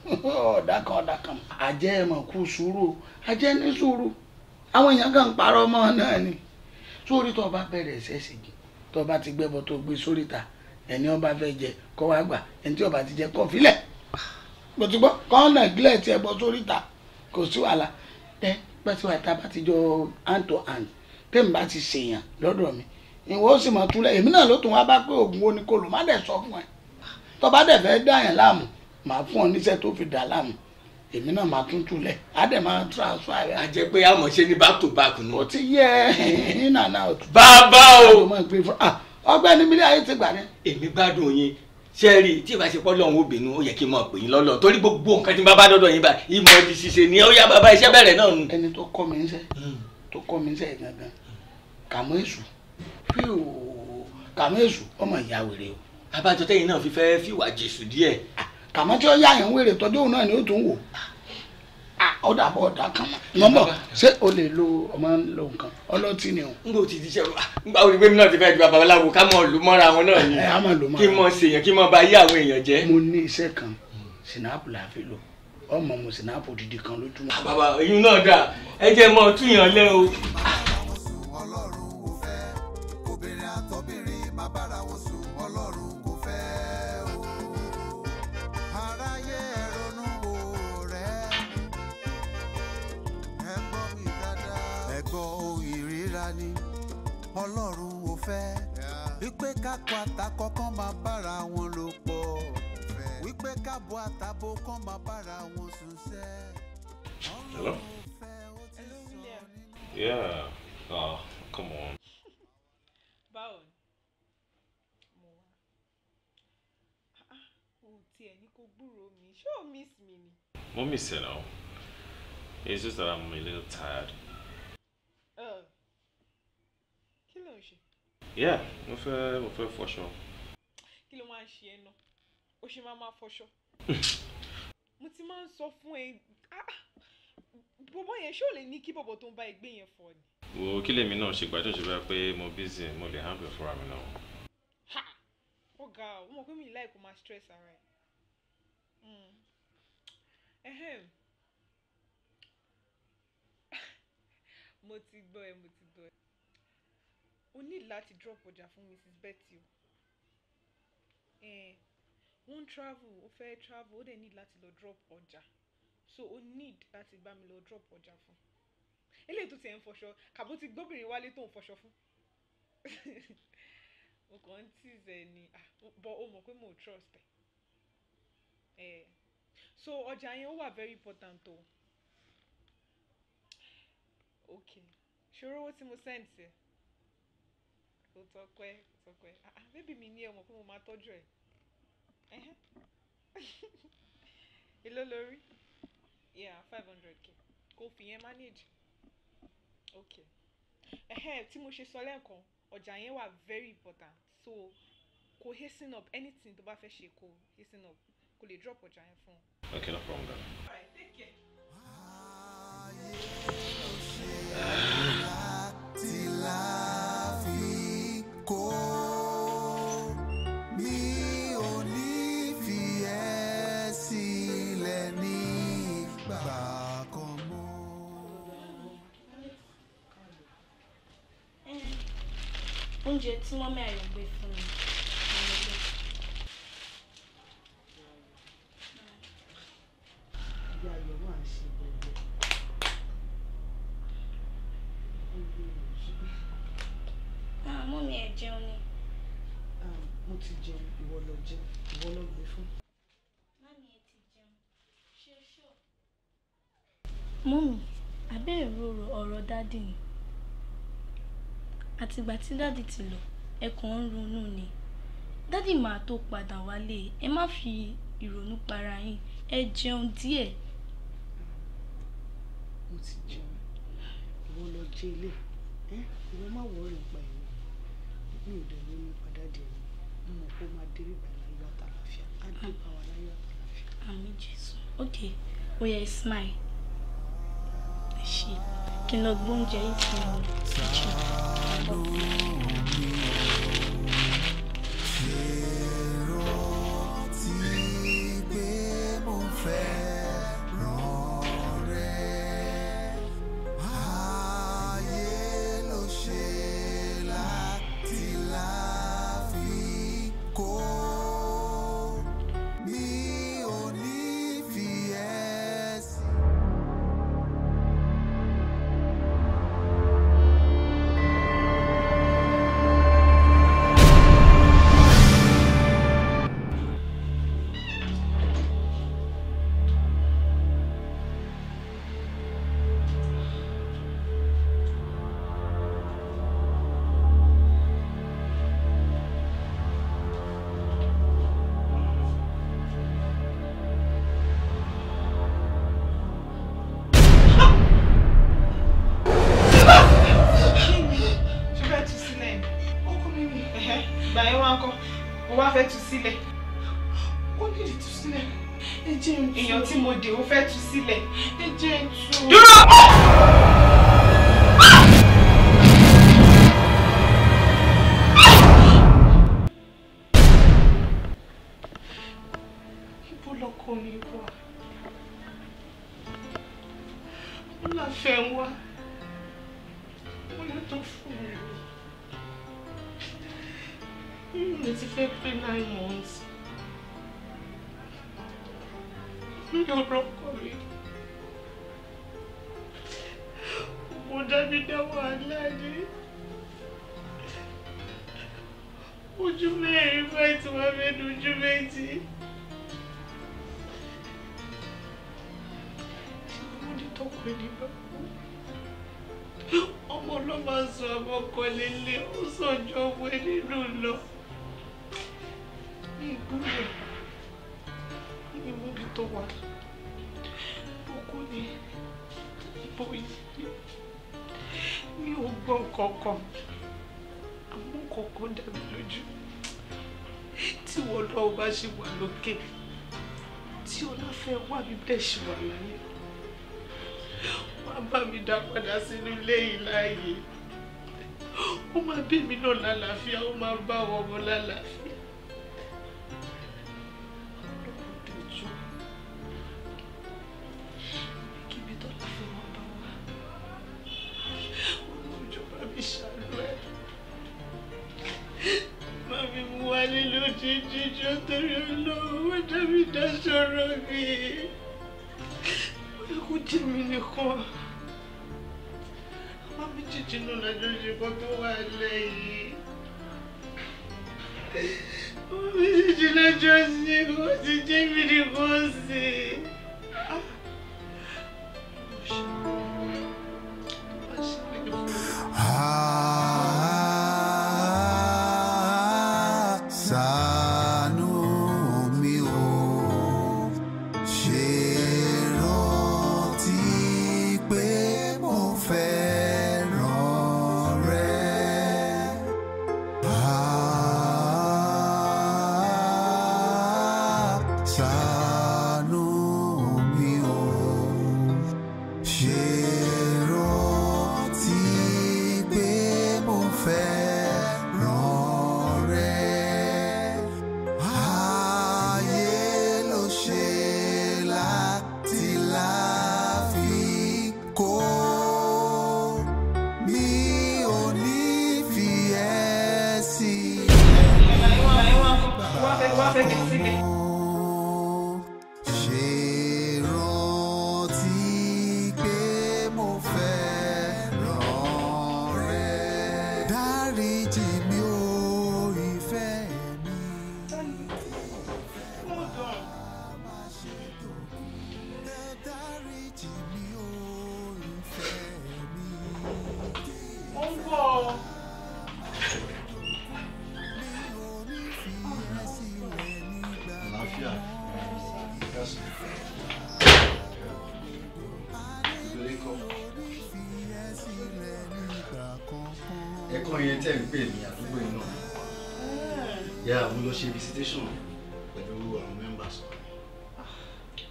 Oh, ọ̀dà kan ọ̀dà kan àjẹ́ ẹ̀mọ̀ kú sùúrù àjẹ́ ní sùúrù àwọn èèyàn kan ń parọ́ ọmọ náà ni sórí tó o bá bẹ̀rẹ̀ ẹ̀sẹ̀ sì jì tó o bá ti gbẹ́bọ tó o gbé sórí ta ẹni ó bá fẹ́ jẹ kó wá gbà ẹni tí ó bá ti jẹ kó filẹ̀ gbòtúgbọ́ kọ́ńnà gílẹ̀ tiẹ̀ bọ sórí ta kò sí wàhálà ẹ pẹ́sí wa ta bá ti jọ hand to hand tẹ́ mi bá ti ṣèyàn lọ́dọ̀ mi ìwọ ó sì mọ̀ túlẹ̀ èmi náà ló tún wá bá pé oògùn oníkolo má dẹ̀ sọ fún ẹ tó bá dẹ̀ fẹ́ dáyàn láàmú màá fún ọ níṣẹ́ tó fi dà láàmú èmi náà máa tún túlẹ̀ á dẹ̀ máa transfer rẹ̀. a jẹ pé àmọ̀ ṣe ni back to back nù. ó ti yẹ ẹ̀yìn náà náà. bàbá o ọgbẹ́ni mílíọ̀nù ayé ti gbà ní. èmi gbádùn yín sẹ́ẹ̀rì tí ìbá ṣe pọ́lọ́ òun obìnrin ó yẹ kí n máa pè yín lọ́lọ́ torí gbogbo nǹkan tí bàbá dọ́dọ̀ yín bá ìmọ̀ ti ṣiṣẹ́ ni ó yá bàbá iṣẹ́ bẹ̀rẹ̀ náà nù. ẹni tó kọ́ mi ń sẹ́ hmm. tó kọ́ mi ń sẹ́ gangan kàmú èṣù fíò kàmú èṣù ọmọ ìyá wèrè o. abájọ tẹ̀yin náà fi fẹ́ fìwà jésù díẹ̀ ah, kàmọ́ tí ó yá yẹn ń wèrè tọ́jú òun náà ni ó tún wò ó dàbọ̀ ọ̀dà kan mọ́mọ́ ṣé o lè lo ọmọ lo nǹkan ọlọ́tí ni o. n kò tí ì ṣe nígbà wo ni pé mi náà ti fẹ́ ju babaláwo ká mọ̀ lù mọ́ra wọn náà ni kí mọ̀ ṣèyàn kí mọ̀ bá yí àwọn èèyàn jẹ́. mo ní iṣẹ́ kan sinapu la fi lò ọmọ mo sinapu odidi kan lójúmọ́. bàbá ìyún náà dà ẹ jẹ́ mọ́ ọ túyàn lẹ́ o. ọlọ́run ò fẹ́ wípé kápọ̀ àtakọ kan máa bára wọn lò pọ̀ wípé kábọ̀ àtàbò kan máa bára wọn sùn sẹ́. Hello? Hello, William. Yeah. Oh, come on. Báwo ni? Mo wá. Ah, ah, o tiẹ̀ ní kó gbúròó mi. Ṣé o miss mi ni? Mo miss ẹ náà. It's just that I'm a little tired. yeah mo fẹ́ mo fẹ́ fọṣọ. kí ló máa ń ṣe ẹ náà ó ṣe máa máa fọṣọ. mo ti máa ń sọ fún ẹ ah, bọ̀bọ̀ yẹn ṣé ò lè ní kí bọ̀bọ̀ tó ń bá ẹgbẹ́ yẹn fọ ni. wo kí lèmi náà ṣe gbàdúrà ṣe bá pé mo busy mo lè hàn bẹ̀ fúnra mi náà. ó ga ọ mo mọ̀ pé mi ì láì kó máa stress ara ẹ̀. Hmm. Ehem. mo ti gbọ́ ẹ mo ti gbọ́ ẹ o ní láti drop ọjà fún Mrs Betty o wọ́n eh, travel ó fẹ́ travel ó dẹ̀ need láti lọ drop ọjà so o need láti bá mi lọ drop ọjà fún eléyìí tó ti ẹ̀ ń fọṣọ kàbó ti gbóbìnrin wálé tó ń fọṣọ fún o kàn ń tíìzẹ ni ah, but o mọ̀ pé mo trust ẹ eh, so ọjà yẹn ó wà very important o Okay, ṣòro owó tí mo send sí ẹ o Tọ́pẹ́ Tọ́pẹ́ ah ah bébì mi ní ẹ mọ̀ pé mo máa tọ́jú ẹ̀ ẹ̀hẹ́n èló yeah five hundred k kò fi yẹn manage ok ẹ̀hẹ́n tí mo ṣe sọ lẹ́ẹ̀kan ọjà yẹn wà very important so kò hasten up anything to bá fẹ́ ṣe kò hasten up kò lè drop ọjà yẹn fún un. okay no problem. all right take care. Ah, yeah. oúnjẹ tí mọ́mí Ayọ̀ gbé fún mi. mọ́mí ẹ̀ ah, jẹun ni. Ah, mo ti jẹun ìwọ ló jẹun ìwọ ló gbé fún. mọ́mí ẹ ti jẹun ṣé ṣó. mọ́mí abẹ́rẹ́ rorò ọ̀rọ̀ dádì ni àtìgbà tí dádì ti lọ ẹ kàn ń ronú ni dádì máa tó padà wálé ẹ má fi ìrònú para yín ẹ jẹun díẹ̀. mo ti jẹun ìwọ lọ jẹ ilé ìwọ má wọrí nípa ẹ̀mí mi ò dẹ̀ lóyún padà dé ẹ̀mí mo mọ̀ pé ó máa dé bíbá láyọ̀ àtàlàfíà á dé bá wa láyọ̀ àtàlàfíà. àmín jésù ok oya smile lè ṣe kí n lọ gbóúnjẹ yìí fún ọ kitchen. ìgbà yẹn wá ń kọ́ mo wá fẹ́ tú sílẹ̀ ó nídìí tú sílẹ̀ ẹ jẹ́ èèyàn tí mo dè ó fẹ́ tú sílẹ̀ ẹ jẹ́ tú. dúró. òkè tí ọláfẹ́ wà mí bẹ́ẹ̀ ṣì wà láyé wá bá mi dá padà sínú ilé yìí láàyè ó máa bí mi náà lálàáfíà ó máa bá ọmọ lálàáfíà. شر فيه وياخد من اخوه ما بتجيش انه نجوش بطوة علي ما بتجيش نجوش نجوش جيبي نجوش ọkùnrin yẹn tẹ̀ ń pè ní àdúgbò yìí náà yà mo lọ ṣe visitation pẹ̀lú àwọn members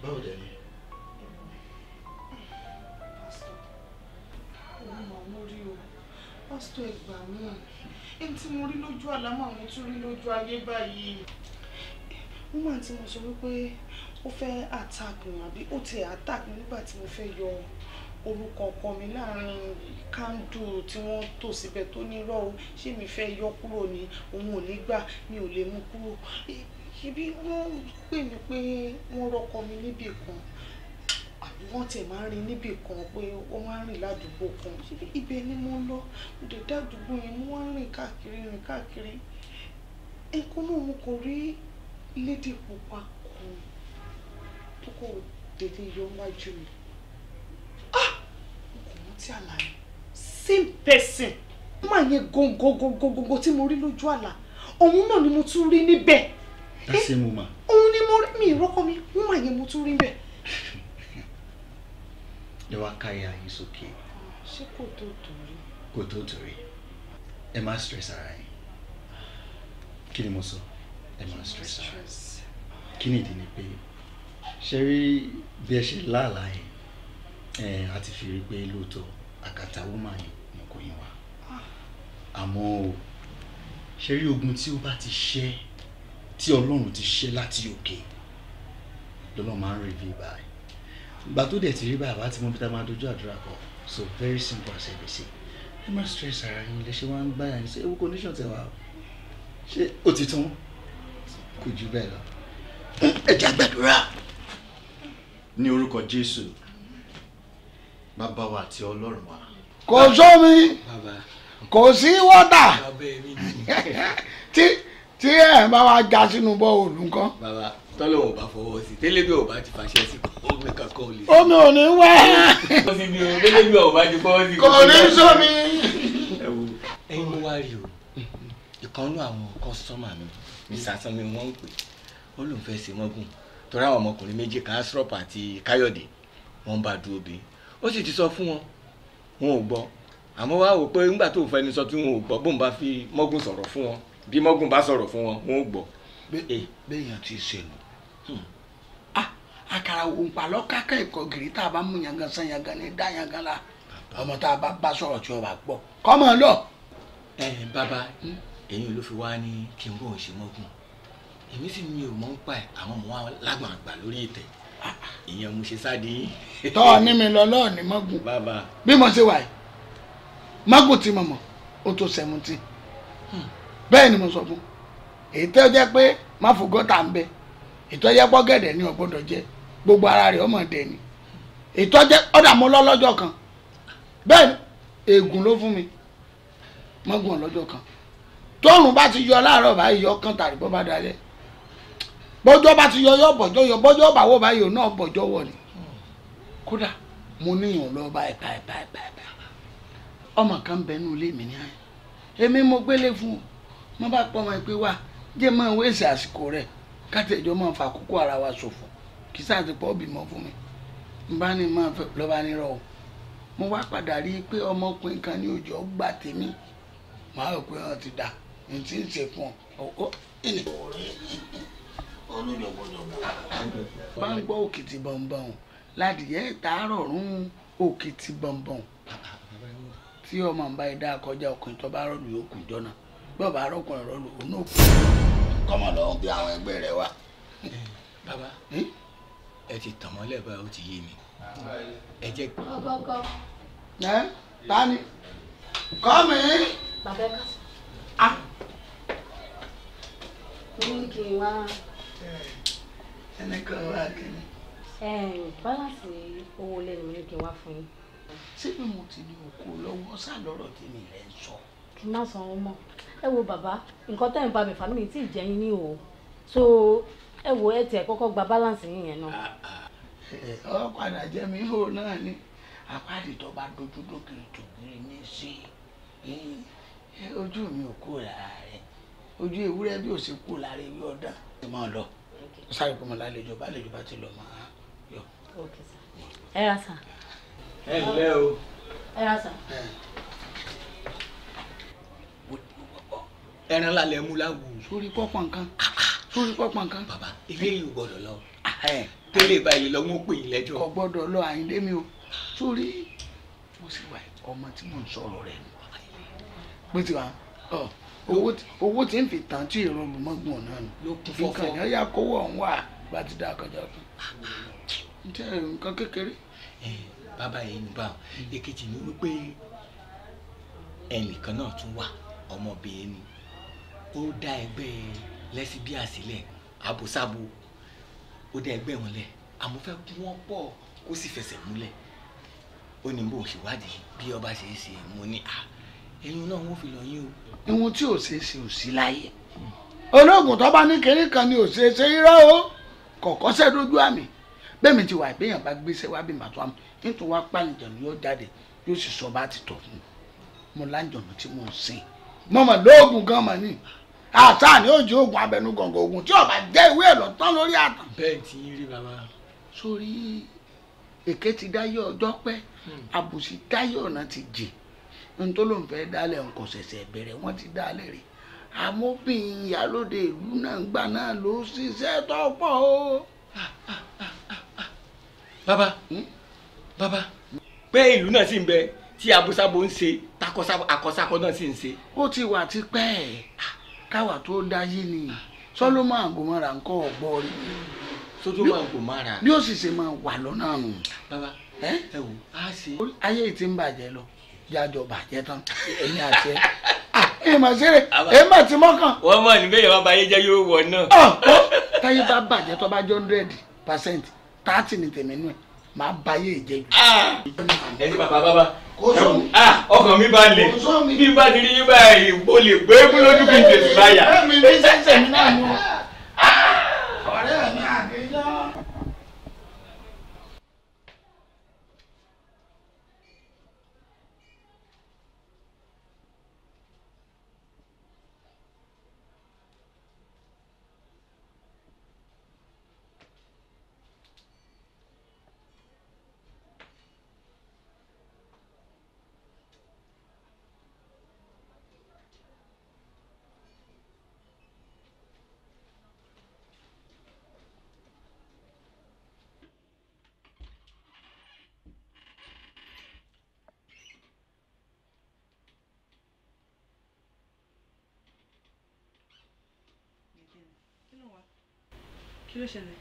báwo dẹ̀ ni. pásítọ̀ ẹgbà náà ẹni tí mo rí lójú àlá mà mo tún rí lójú ayé báyìí woman tí mo sọ wípé ó fẹ́ attack mi àbí ó ti attack mi nígbà tí mo fẹ́ yọ orúkọ ọkọ mi láàrin kándù tí wọ́n tò síbẹ̀ tó ní irọ́ o ṣé mi fẹ́ yọ kúrò ní òun ò ní gbà mi ò lè mú kúrò ṣebí wọ́n pè mí pé wọ́n rọ́kọ mi níbì kan àbí wọ́n tiẹ̀ máa ń rin níbì kan pé ó máa ń rìn ládùúgbò kan ṣebí ibẹ̀ ni mo lọ mo dé dádùúgbò yẹn mo wá ń rìn káàkiri rìn káàkiri nǹkan náà mo kò rí lédè pupa kan tó kò dédé yọ wájú mi àti àlàyé same person máa yẹn gongongongongongo tí mo rí lójú àlà òun náà ni mo tún rí níbẹ̀. ẹsẹ̀ mo mà. òun ni mo rí mi ìrọ́kọ mi wọ́n máa yẹn mo tún rí níbẹ̀. ẹ wá káyà yín sókè. ṣé kò tó torí. kò tó torí ẹ má stress ara yín kí ni mo sọ ẹ má stress ara yín kí ni ìdí ni pé ṣe rí bí ẹ ṣe láàlá yẹn a ti fi rí pé lóòótọ́ àkàtà woman yìí ni kò yín wá ah. àmọ́ o ṣe rí ogun tí ó bá ti ṣẹ́ tí ọlọ́run ti ṣẹ́ láti òkè lọ́nà máa ń rèébi báyìí ìgbà tó dẹ̀ ti rí bàbá tí mo fi ta máa dojú àdúrà kọ so very simple as ẹ̀bẹ̀sẹ̀ ẹ má stress ara yín lè ṣe wá ń gbáyà ní ṣe ewu condition tẹ̀ wá o ṣé ó ti tán kò jù bẹ́ẹ̀ lọ ẹ jẹ́ àgbàdúrà ní orúkọ Jésù bàbá wa àti ọlọ́run wa. kò sómi kò sí wọ́tà tí tí ẹ̀ bá wa já sínú bọ́ọ̀lù nǹkan. bàbá tọ́lọ̀ ò bá fọwọ́ sí tẹ́lẹ̀ bí ò bá ti fàṣẹ sí omi kankan ò lè. omi ò ní wá. tẹ́lẹ̀ bí ò bá ti fọwọ́ sí. kò ní sómi. ẹyin wá rí o ìkànnú àwọn kọ́sọ́mà mi ìsàsán mi wọ́n ń pè ó lóun fẹ́ ṣe mọ́gùn torí àwọn ọmọkùnrin méjì kan asrop àti káyọ̀dé wọ́n bá dúró bí ó sì ti sọ fún wọn wọn ò gbọ́ àmọ́ wá wò pé nígbà tó fẹni sọ tí wọn ò gbọ́ bóun bá fi mọ́gùn sọ̀rọ̀ fún wọn bí mọ́gùn bá sọ̀rọ̀ fún wọn wọn ò gbọ́. béèyàn ti ṣèlú hmm. ah, àkàrà òǹpà lọ́kàkà ẹ̀kọ́ gírí tá a bá mú yangan san yangan ní dá yangan la ọmọ tá a bá bá sọ̀rọ̀ tí ọba gbọ́ kọ́mọ lọ. ẹ ẹ bàbá ẹ̀yin hmm. ló fi wá ní kí n bóun ṣe mọ́gùn èmi sì mi ò mọ̀ ń pa ẹ̀ àwọn ọmọ wa lágbọ̀n lórí ìtẹ̀ ìyẹn mo ṣe sáde. tọ́ ọ ní mi lọ lọ́ọ̀ ní mọ́gùn bí mo ṣe wà yìí mọ́gùn tí mo mọ̀ ó tó seventeen hmm. bẹ́ẹ̀ ni mo sọ fún èyí tó jẹ́ pé má fò gọ́tà ń bẹ ìtọ́jẹ́ pọ́gẹ́dẹ̀ ni ọ̀gbọ́dọ̀ jẹ gbogbo ara rẹ̀ ọmọ dẹ̀ ni ìtọ́jẹ́ ọ̀dà mo lọ lọ́jọ́ kan bẹ́ẹ̀ ni ègùn ló fún mi mọ́gùn lọ́jọ́ kan tóòrùn bá ti yọ láàárọ̀ báyìí yọ kán tàbí bọ́ bá dalẹ̀ bọ́jọ́ bá ti yọ yọ bọ́jọ́ yọ bọ́jọ́ bá wọ̀ báyìí náà bọ́jọ́ wọ̀ kódà mo lọ báyìí báyìí báyìí ọmọ kan bẹ nínú ilé mi ní ayé èmi mo gbélé fún mo bá pọ ọmọ ìpè wá jẹ́ ìwé fa ara wa ṣòfò kì í sáà ti pọ̀ bímọ fún mi n bá ní mo wá padà rí i pé ọmọkùnrin kan ní òjò gbà tèmi rò pé ti ọ̀nù yọ̀bọ̀yọ̀bọ̀. bá ń gbọ́ òkìtì bọ̀m̀bọ̀m ládìyẹ ìtàárọ̀ rún òkìtì bọ̀m̀bọ̀m tí ọmọ ń bá ẹ ọkùnrin tó bá rọlù yóò kùn jọ́nà bí ọba arọkùnrin rọlù òun náà kù. kọ́mọ lọ bí àwọn ẹgbẹ́ rẹ wà. bàbá ẹ ti tàn mọ́lẹ̀ bá ó ti yé mi. ẹ jẹ́ kí. ọkọ kọ. ẹ tani kọ́ mi. bàbá ẹ kà ah. mo ní kí n wá ẹnì kan wà kìíní. báláǹsì owó lẹ́nu mi ní kí n wá fún yín. síbi mo ti di òkú lọ́wọ́ sálọ́rọ̀ tèmi rẹ̀ ń sọ. kì í má sanwó mọ́ ẹ wo bàbá nǹkan tẹ́ ń bá mi fà tí ì jẹ́ yín ní o so ẹ wo ẹ tiẹ̀ kọ́kọ́ gba báláǹsì yín yẹn náà. ọ̀padà jẹ́ mi hó náà ni apáàdì tó bá dojú dókiri tòkiri ní sí ojú mi ò kó lára rẹ̀ ojú ewúrẹ́ bí ò sí kó lára ewé ọ̀dàn ẹ máa lọ sáré kó mo lálejò bá àlejò bá ti lọ máa yọ. ẹ ra sàn. ẹ ǹlẹ́ o. ẹ ra sàn. ẹran lálẹ́ mú láwù sórí pọ́pọ̀ nǹkan sórí pọ́pọ̀ nǹkan. bàbá ilé yìí ò gbọ́dọ̀ lọ tẹ́lẹ̀ báyìí lọ́wọ́ pè é lẹ́jọ́. kò gbọ́dọ̀ lọ àyíndé mi o sórí mo sì wà ọmọ tí mò ń sọ̀rọ̀ rẹ̀ pé tiwa ọ owó tí ń fi tàn tí ìrọ̀rùn mọ́gbọ̀n náà nù nǹkan yẹn yà kówó ọ̀hún wà bá ti dá àkànjá fún un jẹ́ nǹkan kékeré. bàbá yìí ní báwọn hmm. èkejì ni wípé ẹnìkan náà tún wà ọmọbìnrin ni ó dá ẹgbẹ́ lẹ́sibíà sílẹ̀ àbòsábo ó dá ẹgbẹ́ wọn lẹ̀ àmọ́ fẹ́ kí wọ́n pọ̀ kó sì fẹsẹ̀ múlẹ̀ ó ní bó ṣèwádìí bí ọba ṣe é ṣe mo ní à ẹ̀yin náà wọ́n fi lọ yín o. ihun tí ò ṣe é ṣe ò sí láyé olóògùn tó bá ní kéré kan ni ò ṣe é ṣe irọ́ o kọ̀ọ̀kan ṣẹ́ lójú àmì bẹ́ẹ̀mi ti wà ìgbéyàn bá gbéṣẹ́ wá bí màtó àmì nítorí wá pàlìjàn yóò jáde yóò sì sọ bá ti tọ̀ fún un mo láǹjọ̀nù tí mo ń sìn mo mọ̀ lóògùn gan mọ̀ ni àtàn ni ó jẹ́ oògùn abẹnugọ̀ngọ̀ oògùn tí ọba jẹ́ ìwé ẹ̀ lọ́tán lórí àtàn. bẹ́ẹ̀ tí ń rí bàbá. sórí èké ti dáyé ọjọ́ pẹ́ hmm. àbùsí dáyé ọ̀nà ti jìn n tó lóun fẹ́ dálẹ̀ n kò ṣẹ̀ṣẹ̀ bẹ̀rẹ̀ wọ́n ti dálẹ̀ rè amóbìnrin ìyálóde ìlú náà gbà náà ló ṣiṣẹ́ tó pọ̀ o. bàbá hmm? bàbá pé ìlú náà sì ń bẹ tí abosabo ń ṣe takọsakọ náà sì ń ṣe. ó ti wà tipẹ́ káwa tó dáyé ni sọlọ́mọ àgùnmọ́ra nǹkan ọ̀gbọ́ rí. sọlọ́mọ àgùnmọ́ra. bí ó sì ṣe máa wà lọ́nà àrùn. bàbá ẹ wò á ṣe. ayé ìtì ń bàjẹ́ lọ jájọ bàjẹ́ tán èmi àti ẹ ah, ẹ mà ṣeré ẹ mà ti mọ́kàn. wọ́n mọ̀ níbẹ̀ yẹn wọ́n bá yé jẹ́ yóò wọ̀ náà. ọ̀ ah, oh, táyé bá bàjẹ́ tó bá jọ hundred percent thirty ni tèmi nù ẹ̀ máa bá yé ìjẹ́ jù. Ah. ẹ ní bàbá bàbá ọkàn mi bá lè bí bá ti rí yín báyìí mo lè gbé kúlódù kí báyà. ẹ mi ní sẹ́sẹ̀ mi náà mú. kí ló ṣẹlẹ̀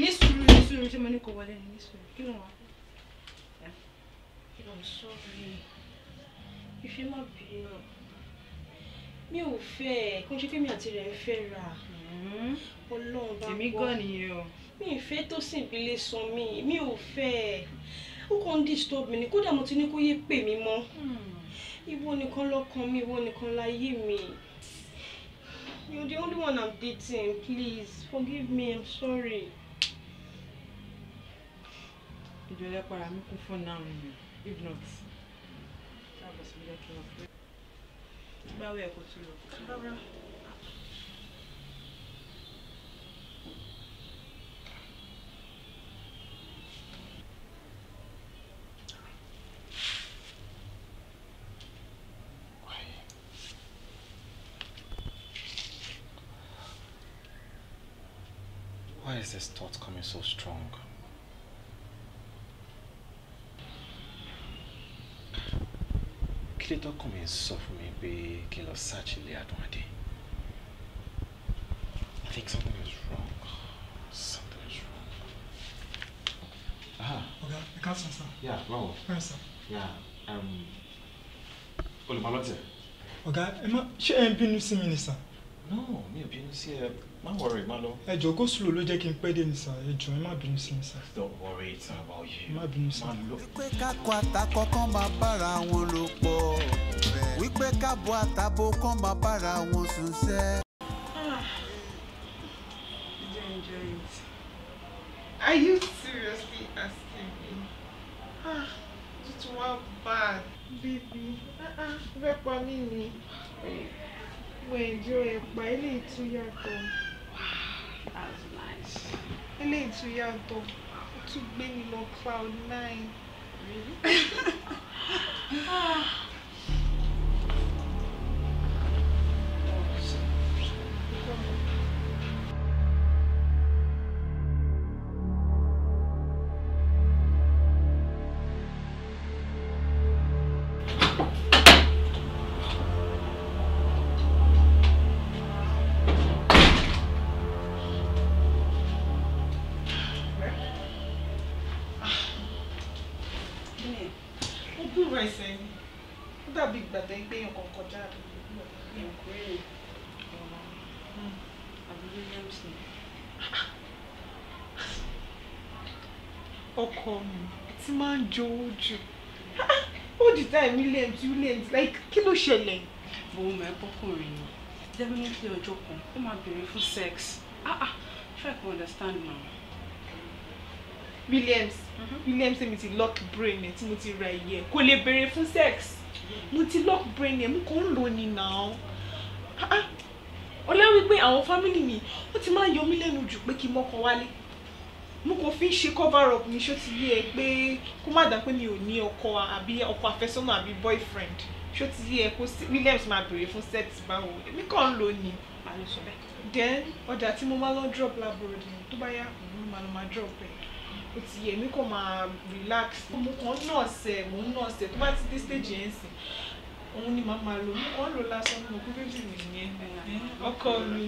ní sùúrù ní sùúrù ṣé mo ní kó wọlé ní ní sùúrù kí ló wà. I'm sorry ìfẹ́ má bínú mi ò fẹ́ ẹ̀ kó ṣe pé mi àti rẹ̀ ń fẹ́ ra mm-hmm. ọlọ́run bá gbọ́ èmi gan nìyẹn o. mi ì fẹ́ tó sì ìbílé sun mi mi ò fẹ́ ẹ̀ ó kàn ń disturb mi ni kódà mo ti ní kó yé pè mí mọ́ hmm. ìwọ nìkan lọ́kàn mi ìwọ nìkan láyé mi. Hmm. You're the only one I'm dating. Please, forgive me. I'm sorry. If not, ṣáà bọ̀ sí ilé kí wọ́n fẹ́. Báwo ẹ̀ kò tún is this thought coming so strong? Kí ló tọ́kùn mi sọ fún mi pé kí n lọ search ilé Adúnadé? I think something is wrong. Something is wrong. Ah. Ọ̀gá, ẹ káàsán sá. Yeah, báwo? Bẹ́ẹ̀ sá. Yeah, um, olùmọ̀lọ́tì. Ọ̀gá, ẹ má ṣé ẹ ń bínú sí mi no mi ò bínú sí ẹ má worry má lọ. ẹ jọ go slow ló jẹ́ kí n pẹ́ dé ní ẹ jọ ẹ má bínú sí mi don't worry it's about you. má bínú sí mi. wípé kakọ àtakọ kan máa bára wọn lò pọ̀ wípé kábọ̀ àtàbò kan máa bára wọn sùn sẹ́. Ah, Are you seriously asking me? Ah, it was bad, baby. Ah, ah, Repa Mimi. Wait. mo enjoy ẹ̀pà ilé that was nice ilé ìtúyàtọ̀ ó ago, gbé mi lọ cloud nine. Really? Ah. jowó jù all the time williams williams like kí ló ṣẹlẹ̀. mo mọ ẹgbọ́kùnrin ni definitely ọjọ́ kan ó máa béèrè fún sex ah ah try to understand ma. williams mm-hmm. williams èmi ti lock brain ẹ tí mo ti ra iye kò lè béèrè fún sex mo ti lock brain ẹ mo kàn ń lò ní now ah, ah. ọlá wípé àwọn fámìlì mi ó ti máa yọ mí lẹ́nu jù pé kí n mọ́kàn wálé mo kàn fi ń ṣe cover up mi ṣó ti yé ẹ pé kó má dà pé mi ò ní ọkọ àbí ọkọ àfẹ́sọ́nà àbí boyfriend ṣó ti yé ẹ kó Williams máa béèrè fún set báwo èmi kàn ń lò ní. then ọjà tí mo máa lọ drop labroad ni tó bá yá mo máa lọ máa drop ẹ ó ti yẹ èmi kàn máa relax mo kàn nọ̀ọ̀sẹ̀ mo ń nọ̀ọ̀sẹ̀ tó bá ti dé stage yẹn sìn òun ni màá máa lò mo kàn ń lò lásán mo kú bébì mi nìyẹn ọkọ mi.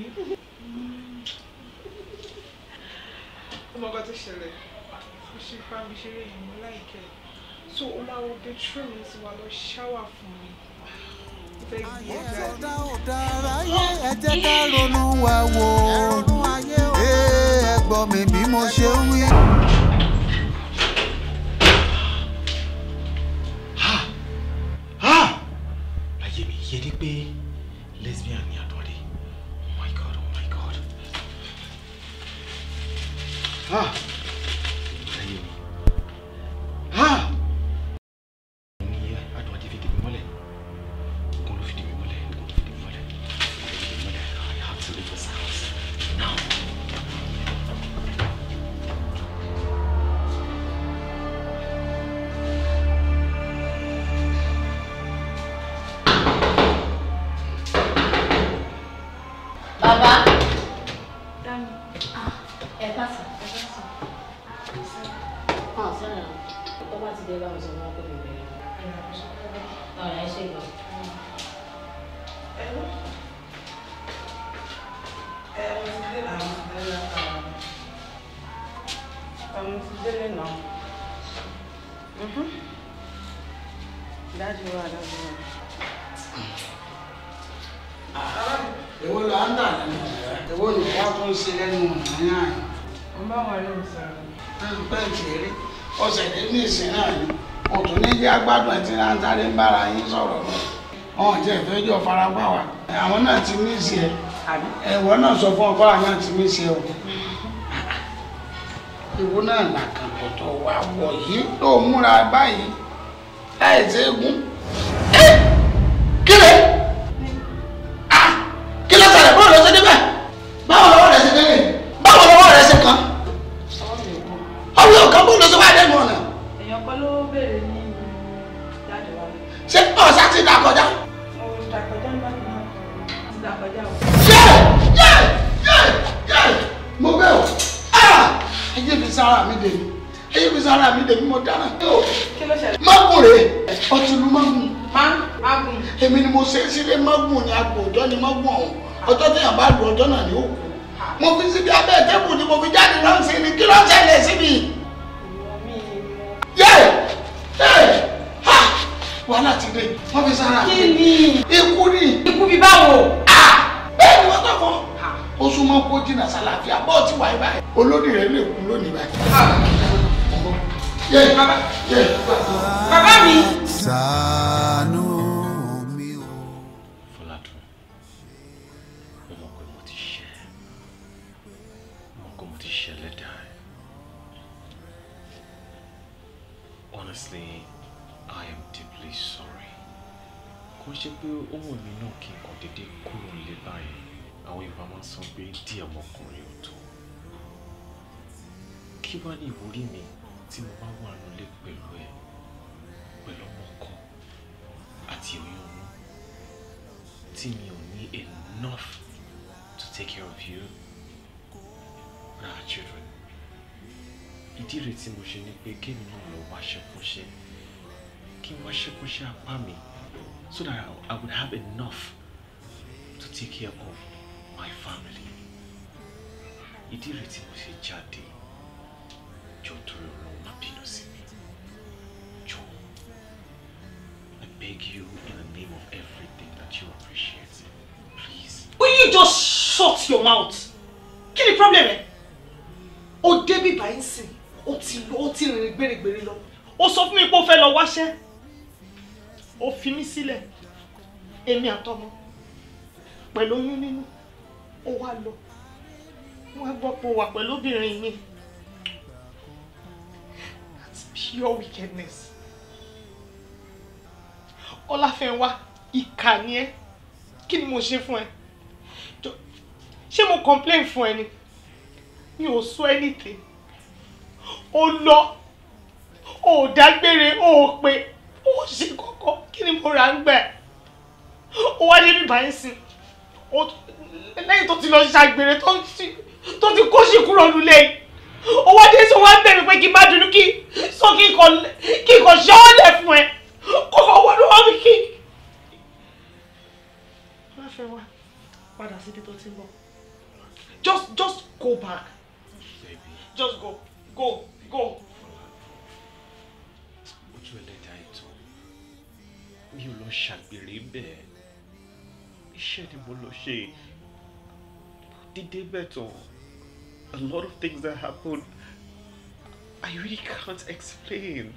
ọmọọgbà tó ṣẹlẹ̀ mo ṣe bá mi ṣeré yìí mo láìkẹ́ so o máa wo bedroom mi ti wà lọ ṣáwà fún mi. ayé ẹ̀dá ò dára yé ẹ jẹ́ ká ronú wa wò ẹ gbọ́ mi bí mo ṣe wí. ha ha láyé mi yé ni pé. Ah. sọ̀nà tó bá ti dé bá mi sọ wọn pé mi ṣe gbọ́. ẹ náà mo ti dé ń dà nínú ń ṣe lẹ́nu ọ̀sẹ̀ ní ìsìn náà ni mo tún ní jẹ́ agbádùn ẹ̀ tí náà ń sáré ń bára yín sọ̀rọ̀ lọ wọn jẹ́ ìfẹ́jọ́ farapa wa àwọn náà ti mí sí ẹ ẹ̀wọ́ náà sọ fún ọkọ àwọn náà ti mí sí ẹ o ìwọ náà làkàntọ̀tọ̀ wà wọ̀ yìí tó múra báyìí láì ṣe é gún. mọ́ wọ̀ ọ́n ọjọ́ téèyàn bá lu ọjọ́ náà ni ó kú mo fi síbi abẹ́ tébù ni mo fi jáde náà sí ni kí ló ń ṣẹlẹ̀ síbi. yẹ ẹ ha wàhálà ti dé wọn fi sára. kí ni ikú ni. ikú bíi báwo. bẹ́ẹ̀ ni wọ́n tọkọ ó súnmọ́ kó jìnnà sálàáfíà bọ́ọ̀ ti wà báyìí olódì rẹ̀ lè kú lónìí báyìí. yẹ bàbá mi. ó wù mí náà kí n kàn dédé kúrò nílé báyìí àwọn Yorùbá máa ń sọ pé díẹ̀ ọmọkùnrin ò tó kí wá ní ìwúrí mi tí mo bá wà nílé pẹ̀lú ẹ pẹ̀lú ọmọkọ àti oyún ọmọ tí mi ò ní enough to take care of you and our children ìdí rẹ̀ tí mo ṣe ni pé kémi náà lọ wá ṣẹkúnṣe kí n wá ṣẹkúnṣe apá mi so that I would have enough to take care of my family. Ìdí rẹ̀ tí mo ṣe jáde jọ torí ọ̀rọ̀ má bínú sí mi. Jọ, I beg you in the name of everything that you appreciate, please. Will you just shut your mouth? Kí ni problem ẹ? O débi báyìí sìn, o ti rìn gbèrègbèrè lọ. O sọ fún mi pé o fẹ́ lọ wáṣẹ́ ó fi mí sílẹ̀ èmi àtọmọ pẹ̀lú oyún nínú ó wá lọ wọ́n gbọ́ pé ó wà pẹ̀lú obìnrin mi that's pure wickedness ọláfẹ́wá ìkà ni ẹ́ kí ni mo ṣe fún ẹ ṣé mo complain fún ẹ ni mi ò sọ anything ó lọ ó dágbére ó pe ó ṣe kọ́kọ́ kí ni mo rà ń gbẹ̀ ó wá débi báyìí sí lẹ́yìn tó ti lọ ṣàgbèrè tó ti kó ṣì kúrò lulẹ̀ ó wá dé sọ wá bẹ̀rẹ̀ pé kí n bá dunú kí sọ kí n kò ṣe ọ́ lẹ̀ fún ẹ kọ́kọ́ wọ́n ló wọ́n mi kí. má fẹ́ wá padà síbi tó ti ń bọ̀ just just go back just go go go. mi ò lọ ṣàgbèrè bẹ́ẹ̀ iṣẹ́ ni mo lọ ṣe dídé bẹ̀tọ̀ a lot of things that happen I really can't explain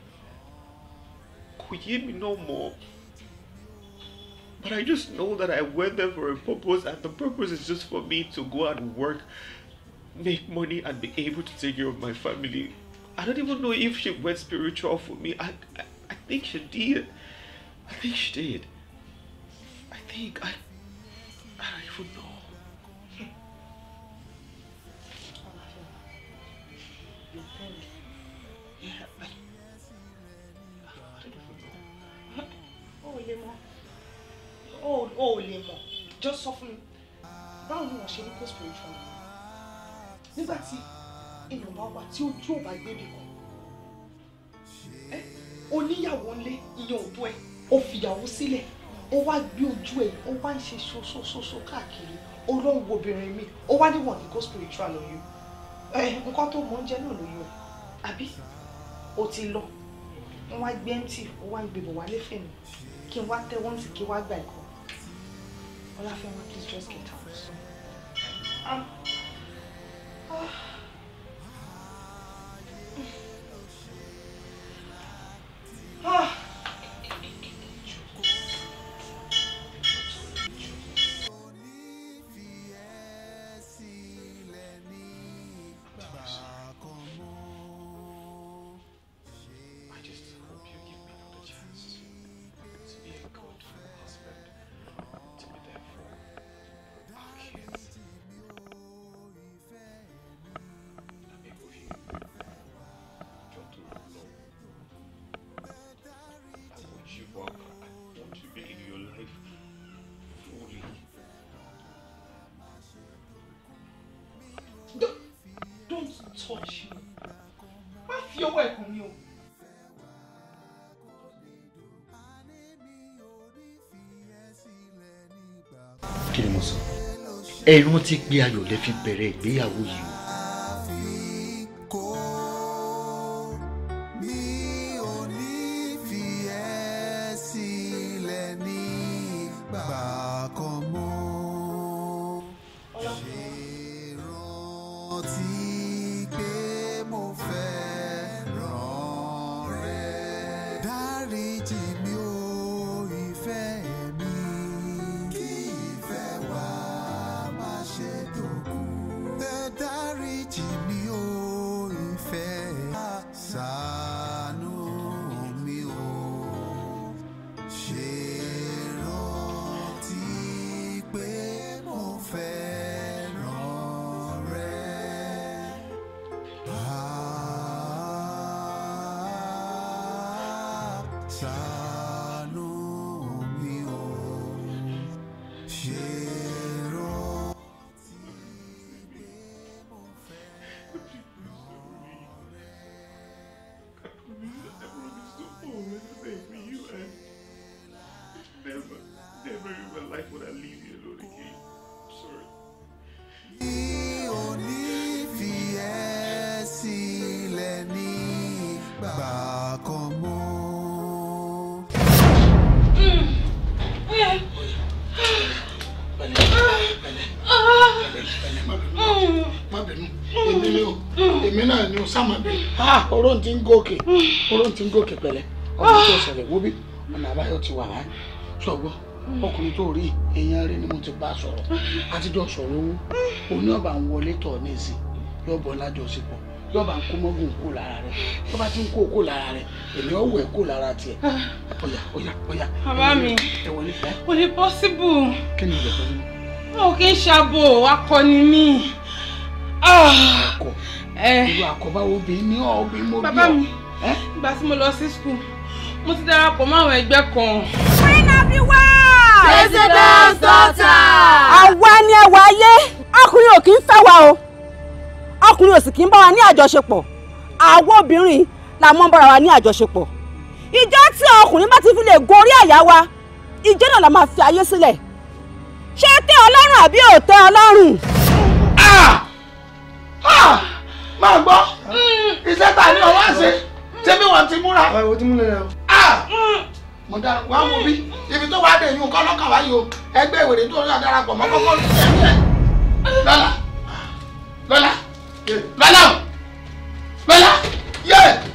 kò yé mi náà mọ́ but I just know that I went there for a purpose and the purpose is just for me to go and work make money and be able to take care of my family I don't even know if she went spiritual for me I, I, I think she did I think she did. I think. I, I don't even know. Oh, Lemo. Oh, oh, Lemo. Just soften. Báwo ni wọ́n ṣe ní post-spiritual? Nígbà see, in your wà tí ojú ò bá gbé mi kan. Oníyàwó ńlé ìyẹn ò tó ẹ ó fìyàwó sílẹ̀ ó wá gbé ojú ẹ̀ ó wá ń ṣe ṣoṣoṣoṣo káàkiri ó lọ ń wo obìnrin mi ó wá níwọ̀n ní go spiritual lóyún ẹ nǹkan tó mọ̀ ń jẹ́ náà lóyún ẹ̀ àbí ó ti lọ wọ́n wá gbé empty ó wá ń gbèbọ̀ wálé fẹ́ mi kí n wá tẹ́ wọ́n sì kí n wá gbà ẹ̀kọ́ ọláfẹ́ wọn please just get out. Ah. Ah. touch you. Má fi ọwọ́ ẹ̀kọ́ mi o. Kí ni mo sọ? Ẹ rántí pé ayọ̀ lẹ bẹ̀rẹ̀ ìgbéyàwó yìí side. Ah, oró ti ń gòkè oró ti ń gòkè pẹ̀lẹ́ ọdún tó ah. ṣẹlẹ̀ wó bí ọ̀nà àbáyọ ti wà láyé ṣọgbọ́ ọkùnrin tó rí èèyàn rí ni mo ti bá sọ̀rọ̀ àtijọ́ sọ̀rọ̀ owó òní ọba ń wọlé tọ̀ ní ìsìn yóò bọ́ lájọṣepọ̀ yóò bá ń kó mọ́gùn kó lára rẹ̀ tó bá ti ń kó kó lára rẹ̀ èmi ọ̀wọ̀ ẹ̀ kó lára tiẹ̀ ọ̀yà ọ̀yà ọ̀yà. bàbá mi kò lè pọ́síbù. kí ni ìjọba yìí. mo kì í ṣàbò akọni mi. Ah ìlú eh. àkọ́bá obìnrin ní ọ̀gbìn mo bí ọ. bàbá mi eh? ìgbà tí mo lọ sí skul mo ti darapọ̀ mọ́ àwọn ẹgbẹ́ kan. winner be wife. president's daughter. àwa ni ẹwà ayé ọkùnrin ò kì í fẹ́ wa o ọkùnrin ò sì kì í bá wa ní àjọṣepọ̀ àwọn obìnrin la mọ́ bára wa ní àjọṣepọ̀ ìjọ tí ọkùnrin bá ti fi lè gorí àyà wa ìjọ náà la máa fi ayé sílẹ̀ ṣé tẹ́ ọlọ́run àbí òótọ́ ọlọ́run máa gbọ́ mm. iṣẹ́ ta ni ọwọ́ ṣe tẹ́bí mm. wọn ti múra. ọ̀rọ̀ ti múlẹ̀ rẹ o. Mm. mo dá wa wo bí ibi tó wá dé yìí nǹkan ọlọ́kàn wá yìí o ẹgbẹ́ ìwèrè tó ń darapọ̀ mọ́ kọ́kọ́ lọ́la lọ́la lọ́la lọ́la yeah.